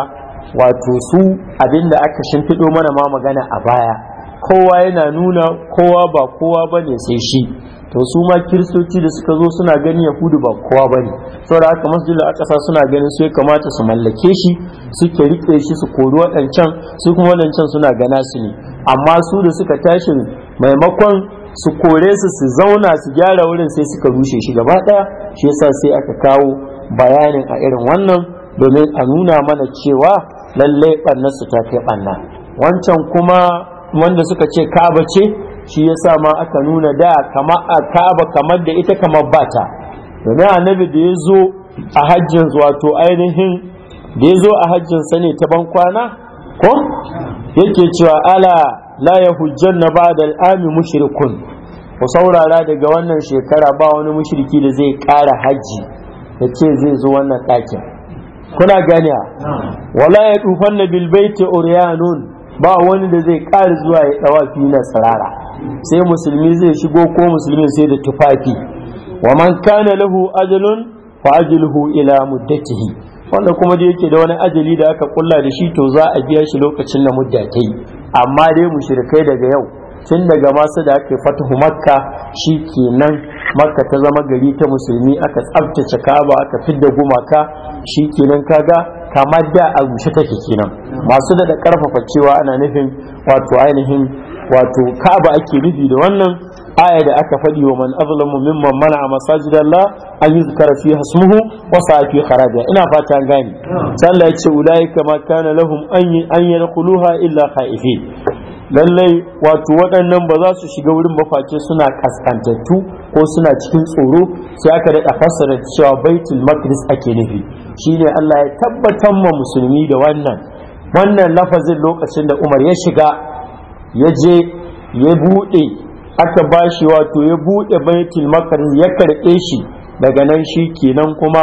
wato su abin da aka shimfiɗo mana ma magana a baya kowa yana nuna kowa ba kowa ba ne sai shi to su ma kiristoci da suka zo suna ganin yahudu ba kowa ba ne saboda haka a kasa suna ganin su ya kamata su mallake shi suke rike shi su kori waɗancan su kuma waɗancan suna gana su ne amma su da suka tashi maimakon su kore su su zauna su gyara wurin sai suka rushe shi gaba ɗaya shi yasa sai aka kawo bayanin a irin wannan domin a nuna mana cewa lallai ɓanna su ta kai ɓanna wancan kuma wanda suka ce kaba ce shi yasa ma aka nuna da kama a kaba kamar da ita kamar bata domin annabi da ya zo a hajjin wato ainihin da ya zo a hajjin sa ne ta bankwana. ko yake cewa ala la ba da al'ami mushrikun ku saurara daga wannan shekara ba wani mushriki da zai ƙara hajji da ce zai zo wannan ɗakin kuna gani wala ya tufan bilbai baiti oriyanun ba wani da zai ƙara zuwa ya dawafi na tsirara sai musulmi zai shigo ko musulmi sai da tufafi wa man kana lahu ajalun fa ajluhu ila muddatihi wanda kuma da yake da wani ajali da aka kulla da shi to za a biya shi lokacin na mudda ta yi amma dai mushirikai daga yau tun daga masu da ake fatahu makka shi kenan makka ta zama gari ta musulmi aka tsabtace kaba aka fidda gumaka shi kenan kaga kamar da a rushe take kenan masu da karfafa cewa ana nufin wato ainihin wato ka'aba ake nufi da wannan aya da aka faɗi wa man azlamu mimman mana a an yi zikara fi hasmuhu wa sa'a kharaja ina fata an gane sallah yace ulaika kama kana lahum an an yadkhuluha illa khaifi lallai wato waɗannan ba za su shiga wurin mafake suna kaskantattu ko suna cikin tsoro sai aka daɗa fassara cewa baitul maqdis ake nufi shine Allah ya tabbatar ma musulmi da wannan wannan lafazin lokacin da Umar ya shiga ya je ya buɗe aka ba shi wato ya buɗe baitul makarin ya karɓe shi daga nan shi kenan kuma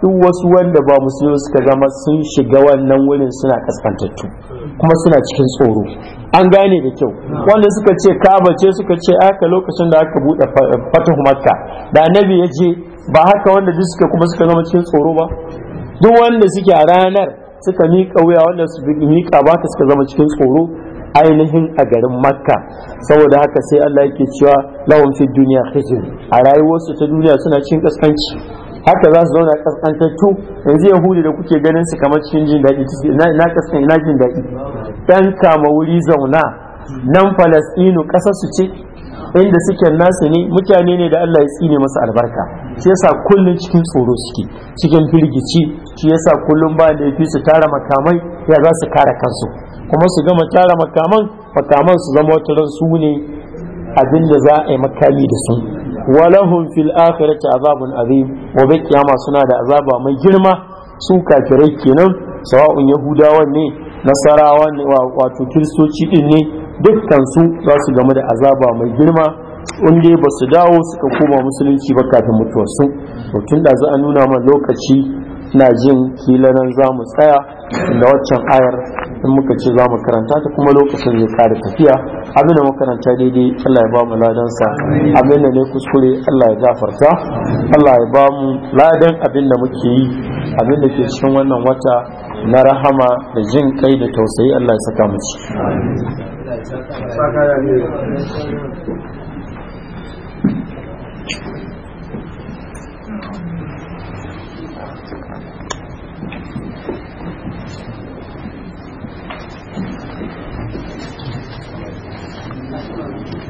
duk wasu wanda ba musulmi suka zama sun shiga wannan wurin suna kaskantattu kuma suna cikin tsoro an gane da kyau wanda suka ce kabace suka ce aka lokacin da aka buɗe fatahu makka da annabi ya je ba haka wanda duk suka kuma suka zama cikin tsoro ba duk wanda suke a ranar suka miƙa wuya wanda su miƙa ba suka zama cikin tsoro ainihin a garin makka saboda haka sai Allah yake cewa lawan fi duniya khizyun a rayuwarsu ta duniya suna cin kaskanci haka za su zauna kaskantattu yanzu yahudi da kuke ganin su kamar cikin jin daɗi na kaskan ina jin daɗi dan kama wuri zauna nan Falasɗinu ƙasar su ce inda suke nasu ne mutane ne da Allah ya tsine masu albarka shi yasa kullum cikin tsoro suke cikin firgici shi yasa kullum ba da fi su tara makamai ya za su kare kansu kuma su gama tara makaman makaman su zama wata su ne abin da za a yi makami da su Walahun fil akhirati azabun azim wa bi kiyama suna da azaba mai girma su kafirai kenan sawa'un Yahudawa ne nasarawa ne wato kiristoci din ne dukkan su za su gama da azaba mai girma in dai ba su dawo suka koma musulunci ba kafin mutuwarsu to tun da za a nuna man lokaci na jin kila nan za mu tsaya da waccan ayar in muka ce za mu karanta ta kuma lokacin zai kare tafiya abin da makaranta daidai Allah ya ba mu ladansa abin da ne kuskure Allah ya gafarta Allah ya ba mu ladan abin da muke yi abin da ke cikin wannan wata na rahama da jin kai da tausayi Allah ya saka mu ci ま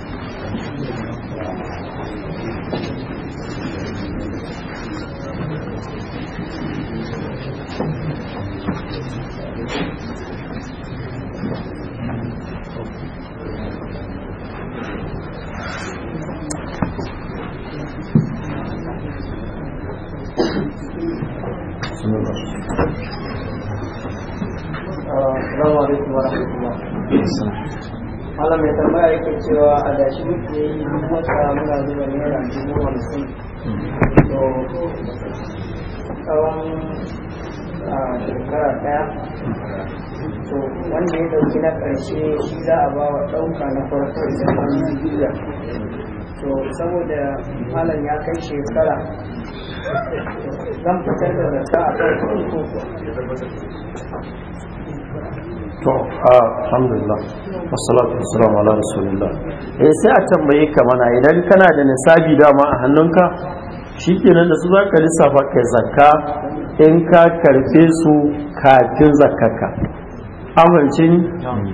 sa mai tambaya yake cewa a da shi muke yi duk wata muna zuba naira dubu hamsin to tsawon ah, shekara ɗaya to wanda ya dauki na ƙarshe shi za a ba wa ɗauka na farko idan an juya to saboda halin ya kai shekara zan fitar da zaka a farko ko to alhamdulillah wassalatu wassalamu ala rasulillah eh sai a tambaye ka mana idan kana da nisabi dama a hannunka shikenan da su za zaka lissafa kai zakka in ka karfe su kafin zakkaka amince ni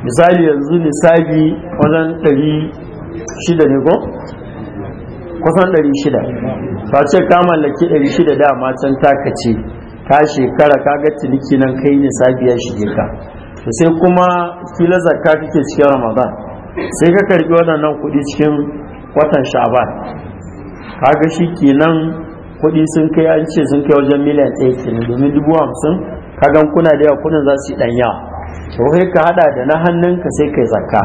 misali yanzu nisabi wajen ɗari shida ne ko kusan ɗari shida. ta ce ka mallaki ɗari 600 dama can takace ka shekara ka ga ciniki nan kai nisabi ya shige ka sai kuma kila zakka kake cikin ramadan sai ka karbi waɗannan kuɗi cikin watan sha'ban kaga shi kenan kuɗi sun kai an ce sun kai wajen miliyan ɗaya kenan domin dubu hamsin ka gan kuna da yawa kuɗin za su yi ɗan yawa to kai ka haɗa da na hannunka sai kai zakka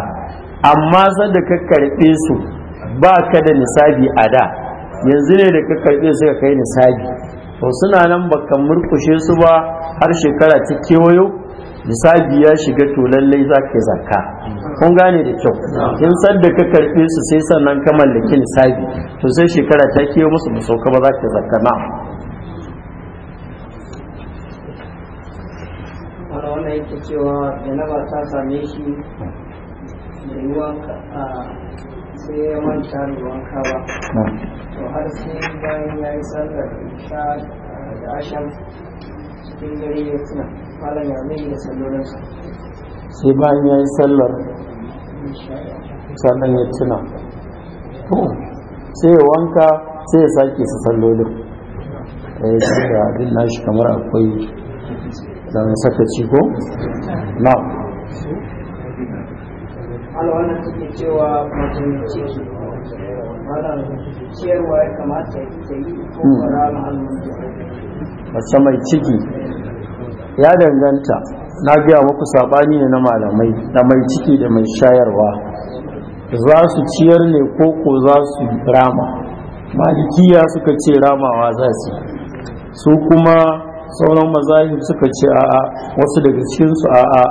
amma da ka karɓe su ba ka da nisabi a da yanzu ne da ka karɓe su ka kai nisabi to suna nan baka murkushe su ba har shekara ta kewayo nisabi ya shiga to lallai za ka yi zakka kun gane da kyau in sadda ka karɓe su sai sannan ka mallaki nisabi to sai shekara ta kiyo musu musu ka ba za ka zakka na wannan yake cewa ba ta same shi da ruwan sai ya manta ruwan ba to har sai bayan ya yi sallar isha da asham cikin dare ya ya sai bayan ya yi sallar sannan ya tuna sai ya wanka sai ya sake su sallolin ya yi da abin nashi kamar akwai zan saka ciko. na alwana take cewa mutum ce malam ciyarwa ya kamata ya yi ko fara hmm. ma'almin mace mai ciki ya danganta na biya muku saɓani ne na malamai na mai ciki da mai shayarwa za su ciyar ne ko ko za su rama malikiya suka ce ramawa za su su kuma sauran mazahib suka ce a'a wasu daga cikinsu a'a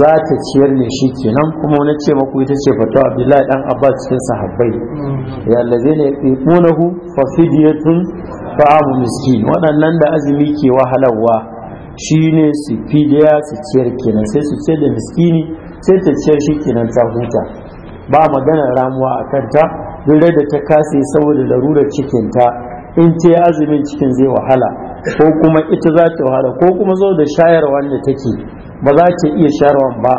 za ta ciyar ne shi kenan kuma wani ce maku ita ce fata abdullahi ɗan abba cikin sahabbai ya allaze ne yaqimunahu fa fidyatun ta'amu miskin waɗannan da azumi ke wahalarwa shine su fidiya su ciyar kenan sai su ciyar da miskini sai ta ciyar shi kenan ta huta ba maganar ramuwa a kanta duk da ta kase saboda larurar cikinta in ce azumin cikin zai wahala ko kuma ita za ta wahala ko kuma zo da shayarwa da take ba za ta iya shayarwa ba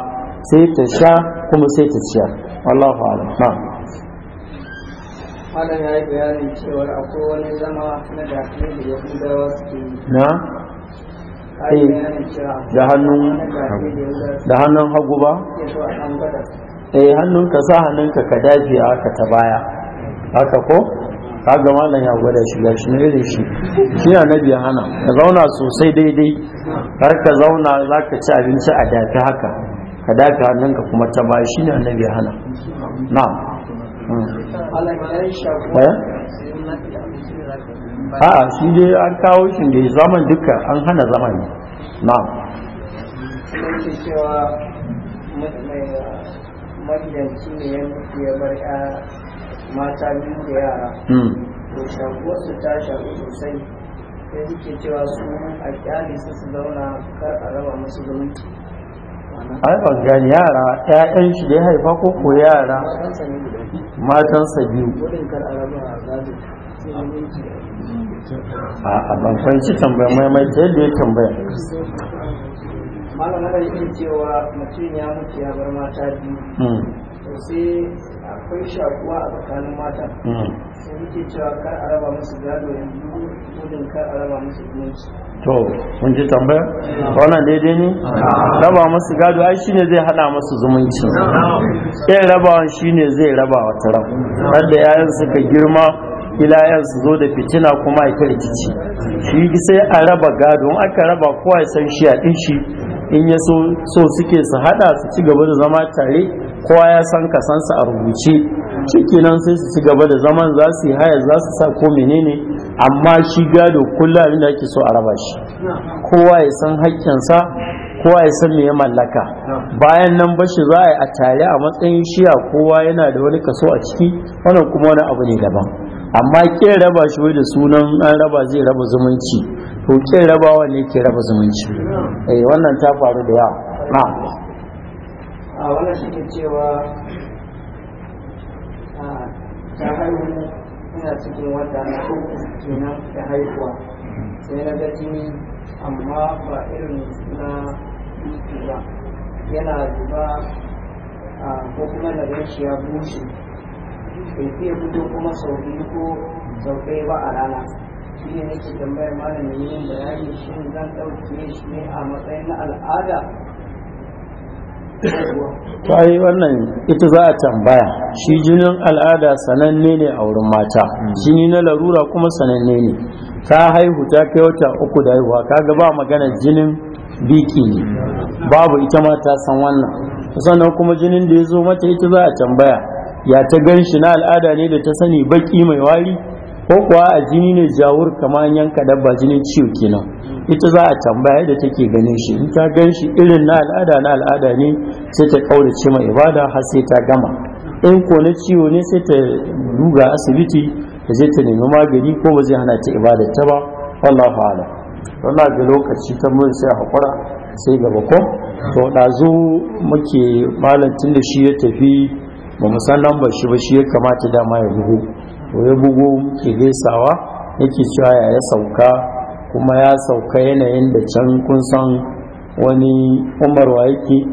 sai ta sha kuma sai ta ciyar wallahu malam ya yi bayanin cewar akwai wani zama na da da yahudawa suke yi na eh, da hannun da hannun hagu ba eh hannun ka sa hannun ka ka dafi a haka ta baya haka ko Haga malam ya gwada shi ga shi ne shi shi na nabi hana ka zauna sosai daidai har ka zauna za ka ci abinci a dafi haka ka dafi hannunka kuma ta baya shi ne biya hana na'am hmm. Eh? a'a shi dai an kawo shi da zaman duka an hana zaman na magidanci hmm. ne ya mutu ya bar mata biyu da yara to shaguwarsu ta shagu sosai sai suke cewa su a kyali su su zauna kar a raba musu zumunci ai ban gani yara 'ya'yan shi da ya haifa ko ko yara matansa biyu a ban tambaya mai mai ta yadda ya tambaya malam na cewa mutum ya mutu ya bar mata biyu hmm. sai akwai shakuwa a tsakanin mata. Hmm. sai muke cewa kar a raba musu gado yanzu gudun kar a raba musu zumunci to kun ji tambaya wannan daidai ne raba musu gado ai shine zai hana musu zumunci yin rabawan shine zai raba wata ran da yayan suka girma ilayen su zo da fitina kuma a rikici shi sai a raba gado in aka raba kowa ya san shi a shi in ya so suke su hada su ci gaba da zama tare kowa ya san kasansa a rubuce nan sai su ci gaba da zaman za su yi haya za su sa ko menene amma shi gado kulla abin da ake so a raba shi kowa ya san haƙƙinsa kowa ya san me ya mallaka bayan nan ba shi za a yi a tare a matsayin shiya kowa yana da wani kaso a ciki wannan kuma wani abu ne daban amma ke raba shi wai da sunan an raba zai raba zumunci to ke rabawa ne ke raba zumunci eh wannan ta faru da yawa a wani shi ke cewa ta haihu ina cikin wata na uku kenan haihuwa sai na ga jini amma ba irin na bp ba yana zuba ko kuma na shi ya bushe bai fiye fito kuma sau biyu ko sau ɗaya ba a rana shi ne nake tambayar malamin yin bayani shi zan ɗauke shi ne a matsayin na al'ada to wannan ita za a tambaya shi jinin al'ada sananne ne a wurin mata jini na larura kuma sananne ne ta haihu ta kai wata uku da haihuwa kaga ba magana jinin biki ne babu ita ma ta san wannan sannan kuma jinin da ya zo mata ita za a tambaya ya ta gan shi na al'ada ne da ta sani baki mai wari ko kuwa a jini ne jawur kamar yanka dabba jini ciwo kenan ita za a tambaya da take ganin shi in ta gan shi irin na al'ada na al'ada ne sai ta kaurace ma ibada har sai ta gama in ko na ciwo ne sai ta duga asibiti ta je ta nemi magani ko ba zai hana ta ibada ta ba wallahu a'lam wannan ga lokaci ta mun sai hakura sai gaba ko to ɗazu muke malantin da shi ya tafi ba mu san lambar shi ba shi ya kamata dama ya bugu to ya bugo ke gaisawa yake cewa ya ya sauka kuma ya sauka yanayin da can kun san wani umarwa yake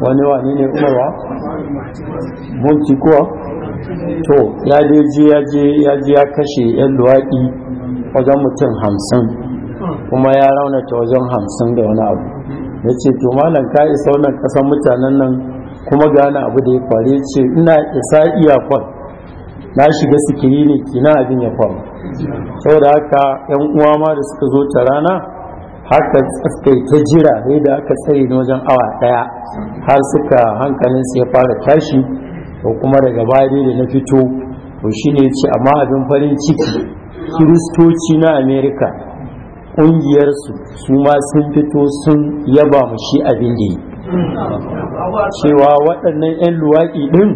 wani wani ne umarwa mulki kuwa to ya je ya je ya je ya kashe yan luwaɗi wajen mutum hamsin kuma ya raunata wajen hamsin da wani abu ya ce to malam ka isa wannan kasan mutanen nan kuma gane abu da ya faru ya ce ina isa iyakon na shiga sikiri ne kina abin ya faru saboda haka yan uwa ma da suka zo ta rana haka tsaskai ta jira sai da aka tsare na wajen awa daya har suka hankalin su ya fara tashi ko kuma daga baya da na fito to shine ce amma abin farin ciki kiristoci na america ƙungiyarsu su ma sun fito sun yaba mu shi abin da yi cewa waɗannan 'yan luwaƙi ɗin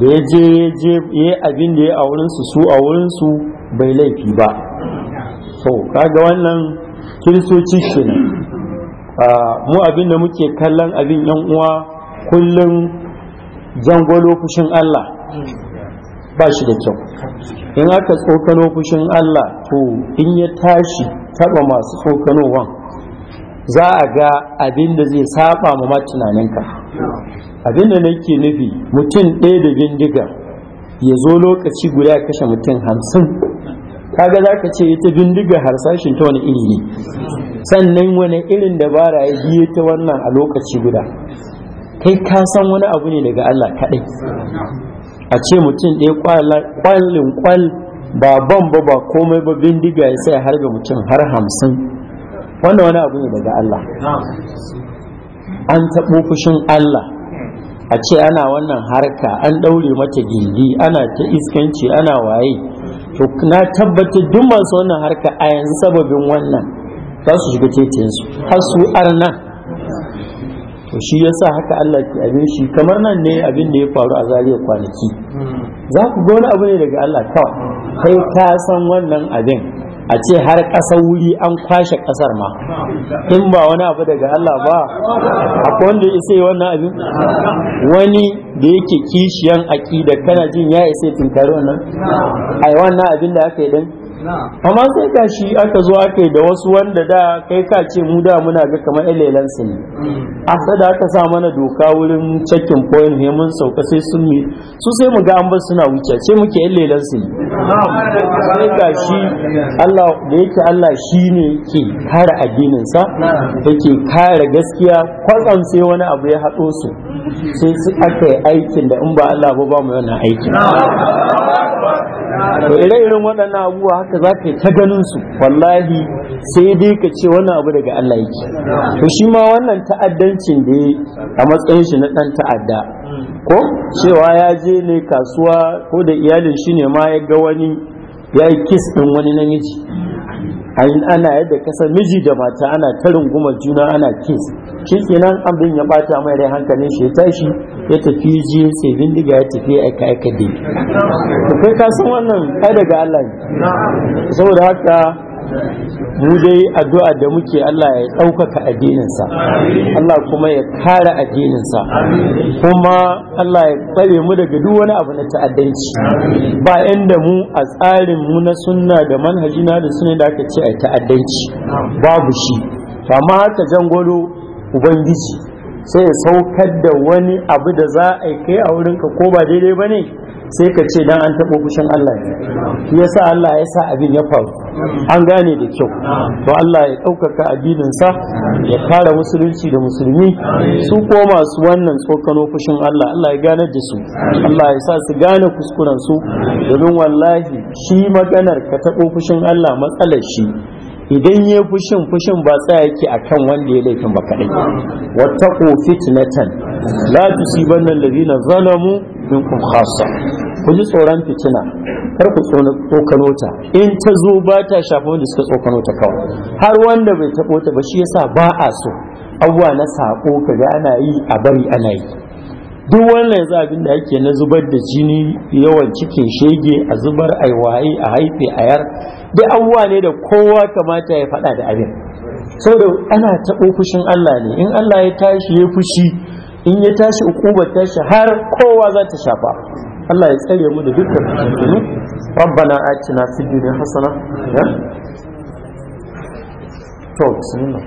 da ya je ya je ya abin da ya a wurinsu su a wurinsu bai laifi ba so kaga wannan kiristoci a mu abin da muke kallon abin yan uwa kullum jangwalo fushin Allah ba shi da kyau in aka tsokano fushin Allah to in ya tashi taba masu tsokanowan za a ga abin da zai saba ma tunaninka abin da nake nufi mutum ɗaya da bindiga ya zo lokaci guda kashe mutum hamsin kaga za ka ce ita bindiga harsashin ta wani iri ne sannan wani irin dabara ya biye ta wannan a lokaci guda kai ka san wani abu ne daga Allah kaɗai a ce mutum ɗaya kwallin kwal ba ban ba ba komai ba bindiga ya sai harbe mutum har hamsin wannan wani abu ne daga Allah an taɓo fushin Allah a ce ana wannan harka an ɗaure mata gindi ana ta iskanci ana waye to na tabbatar duk masu wannan harka a yanzu sababin wannan za su shiga tetinsu har su arna to shi yasa haka Allah ke abin shi kamar nan ne abin da ya faru a zariya kwanaki za ku ga wani abu ne daga Allah kawai kai ka san wannan abin a ce har ƙasa wuri an kwashe ƙasar ma in ba wani abu daga Allah ba akwai wanda ya isa wannan abin wani da yake kishiyan aƙida kana jin ya isa tinkari wannan ai wannan abin da aka yi din amma sai ga shi aka zo aka yi da wasu wanda da kai ka ce mu da muna ga kamar elelan su ne mm. a sada aka sa mana doka wurin cakin point ne mun sauka sai sun yi su sai mu ga an bar suna wuce ce muke elelan su ne sai ga shi Allah da yake Allah shi ne ke kare addinin sa yake kare gaskiya kwatsam sai wani abu ya haɗo su sai aka yi aikin da in ba Allah ba ba mu wannan aikin to ire-iren waɗannan abubuwa haka za ka yi ta ganin su wallahi sai dai ka ce wannan abu daga Allah yake to shi ma wannan ta'addancin da ya a matsayin shi na ɗan ta'adda ko cewa ya je ne kasuwa ko da iyalin shi ne ma ya ga wani ya yi kis ɗin wani namiji ayin ana yadda kasa miji da mata ana tarin gumar juna ana kes shi kenan abin ya bata mai rai hankalin shi ya tashi ya tafi ji sai bindiga ya tafi aika aika dai kai ka san wannan ai daga Allah ne saboda haka mu dai addu'a da muke Allah ya ɗaukaka addininsa Allah kuma ya kare addininsa kuma Allah ya tsare mu daga duk wani abu na ta'addanci ba inda mu a tsarin mu na sunna da manhaji na da sunna da aka ce a ta'addanci babu shi amma haka jangolo ubangiji sai ya saukar da wani abu da za a kai a wurinka ko ba daidai ba ne sai ka ce dan an taɓo kushin Allah ne yasa Allah ya sa abin ya faru an gane da kyau to Allah ya ɗaukaka addininsa ya kare musulunci da musulmi su ko masu wannan tsokano fushin Allah Allah ya gane da su Allah ya sa su gane kuskuren su domin wallahi shi maganar ka taɓo fushin Allah matsalar shi idan ya fushin fushin ba tsaya yake akan wanda ya laifin ba kaɗai wata ko fitnatan la tusibanna allazina zalamu minkum khassa ku ji tsoron fitina kar ku tsokano ta in ta zo ba ta shafa wanda suka tsokano ta kawai har wanda bai tabo ta ba shi yasa ba a so abuwa na sako kaga ana yi a bari ana yi duk wannan yanzu abin da yake na zubar da jini yawan cikin shege a zubar aiwaye a haife a yar duk abuwa ne da kowa kamata ya faɗa da abin saboda ana taɓo fushin Allah ne in Allah ya tashi ya fushi in ya tashi ukubar tashi har kowa za ta shafa Allah ya tsare mu da dukkan fitintunu rabbana atina fid dunya hasana ya to bismillah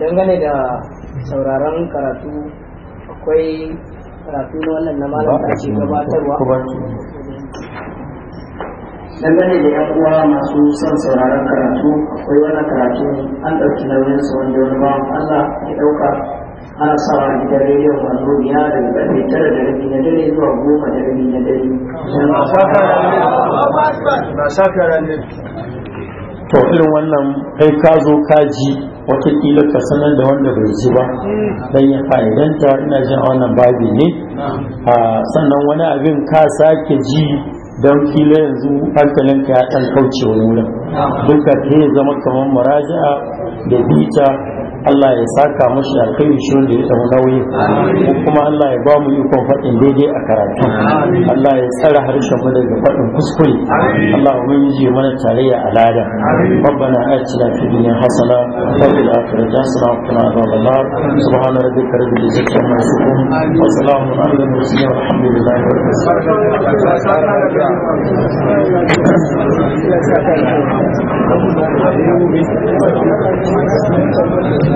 dangane da sauraron karatu akwai karatu na wannan na malam da ke gabatarwa dangane da yan uwa masu son sauraron karatu akwai wani karatu an ɗauki nauyin sa wanda wani bawan Allah ya ɗauka ana sawa a gidan rediyon da daga karfe tara da rabi na dare zuwa goma da rabi na dare. To irin wannan kai ka zo ka ji watakila ka sanar da wanda bai ji ba hmm. dan ya fa'idanta ina jin a wannan babi ne sannan wani abin ka sake ji don kila yanzu ka ya ɗan kauce wani wurin duka ke zama kamar muraja da bita Allah ya saka mushi alkhairi shi da ya dau nauyi ko kuma Allah ya ba mu ikon faɗin daidai a karatu Allah ya tsara harshen mu daga faɗin kuskure Allah ya yi mana tarayya a lada ربنا آتنا في الدنيا حسنة وفي الآخرة حسنة وقنا عذاب النار سبحان ربك رب العزة عما يصفون وسلام على المرسلين والحمد لله رب العالمين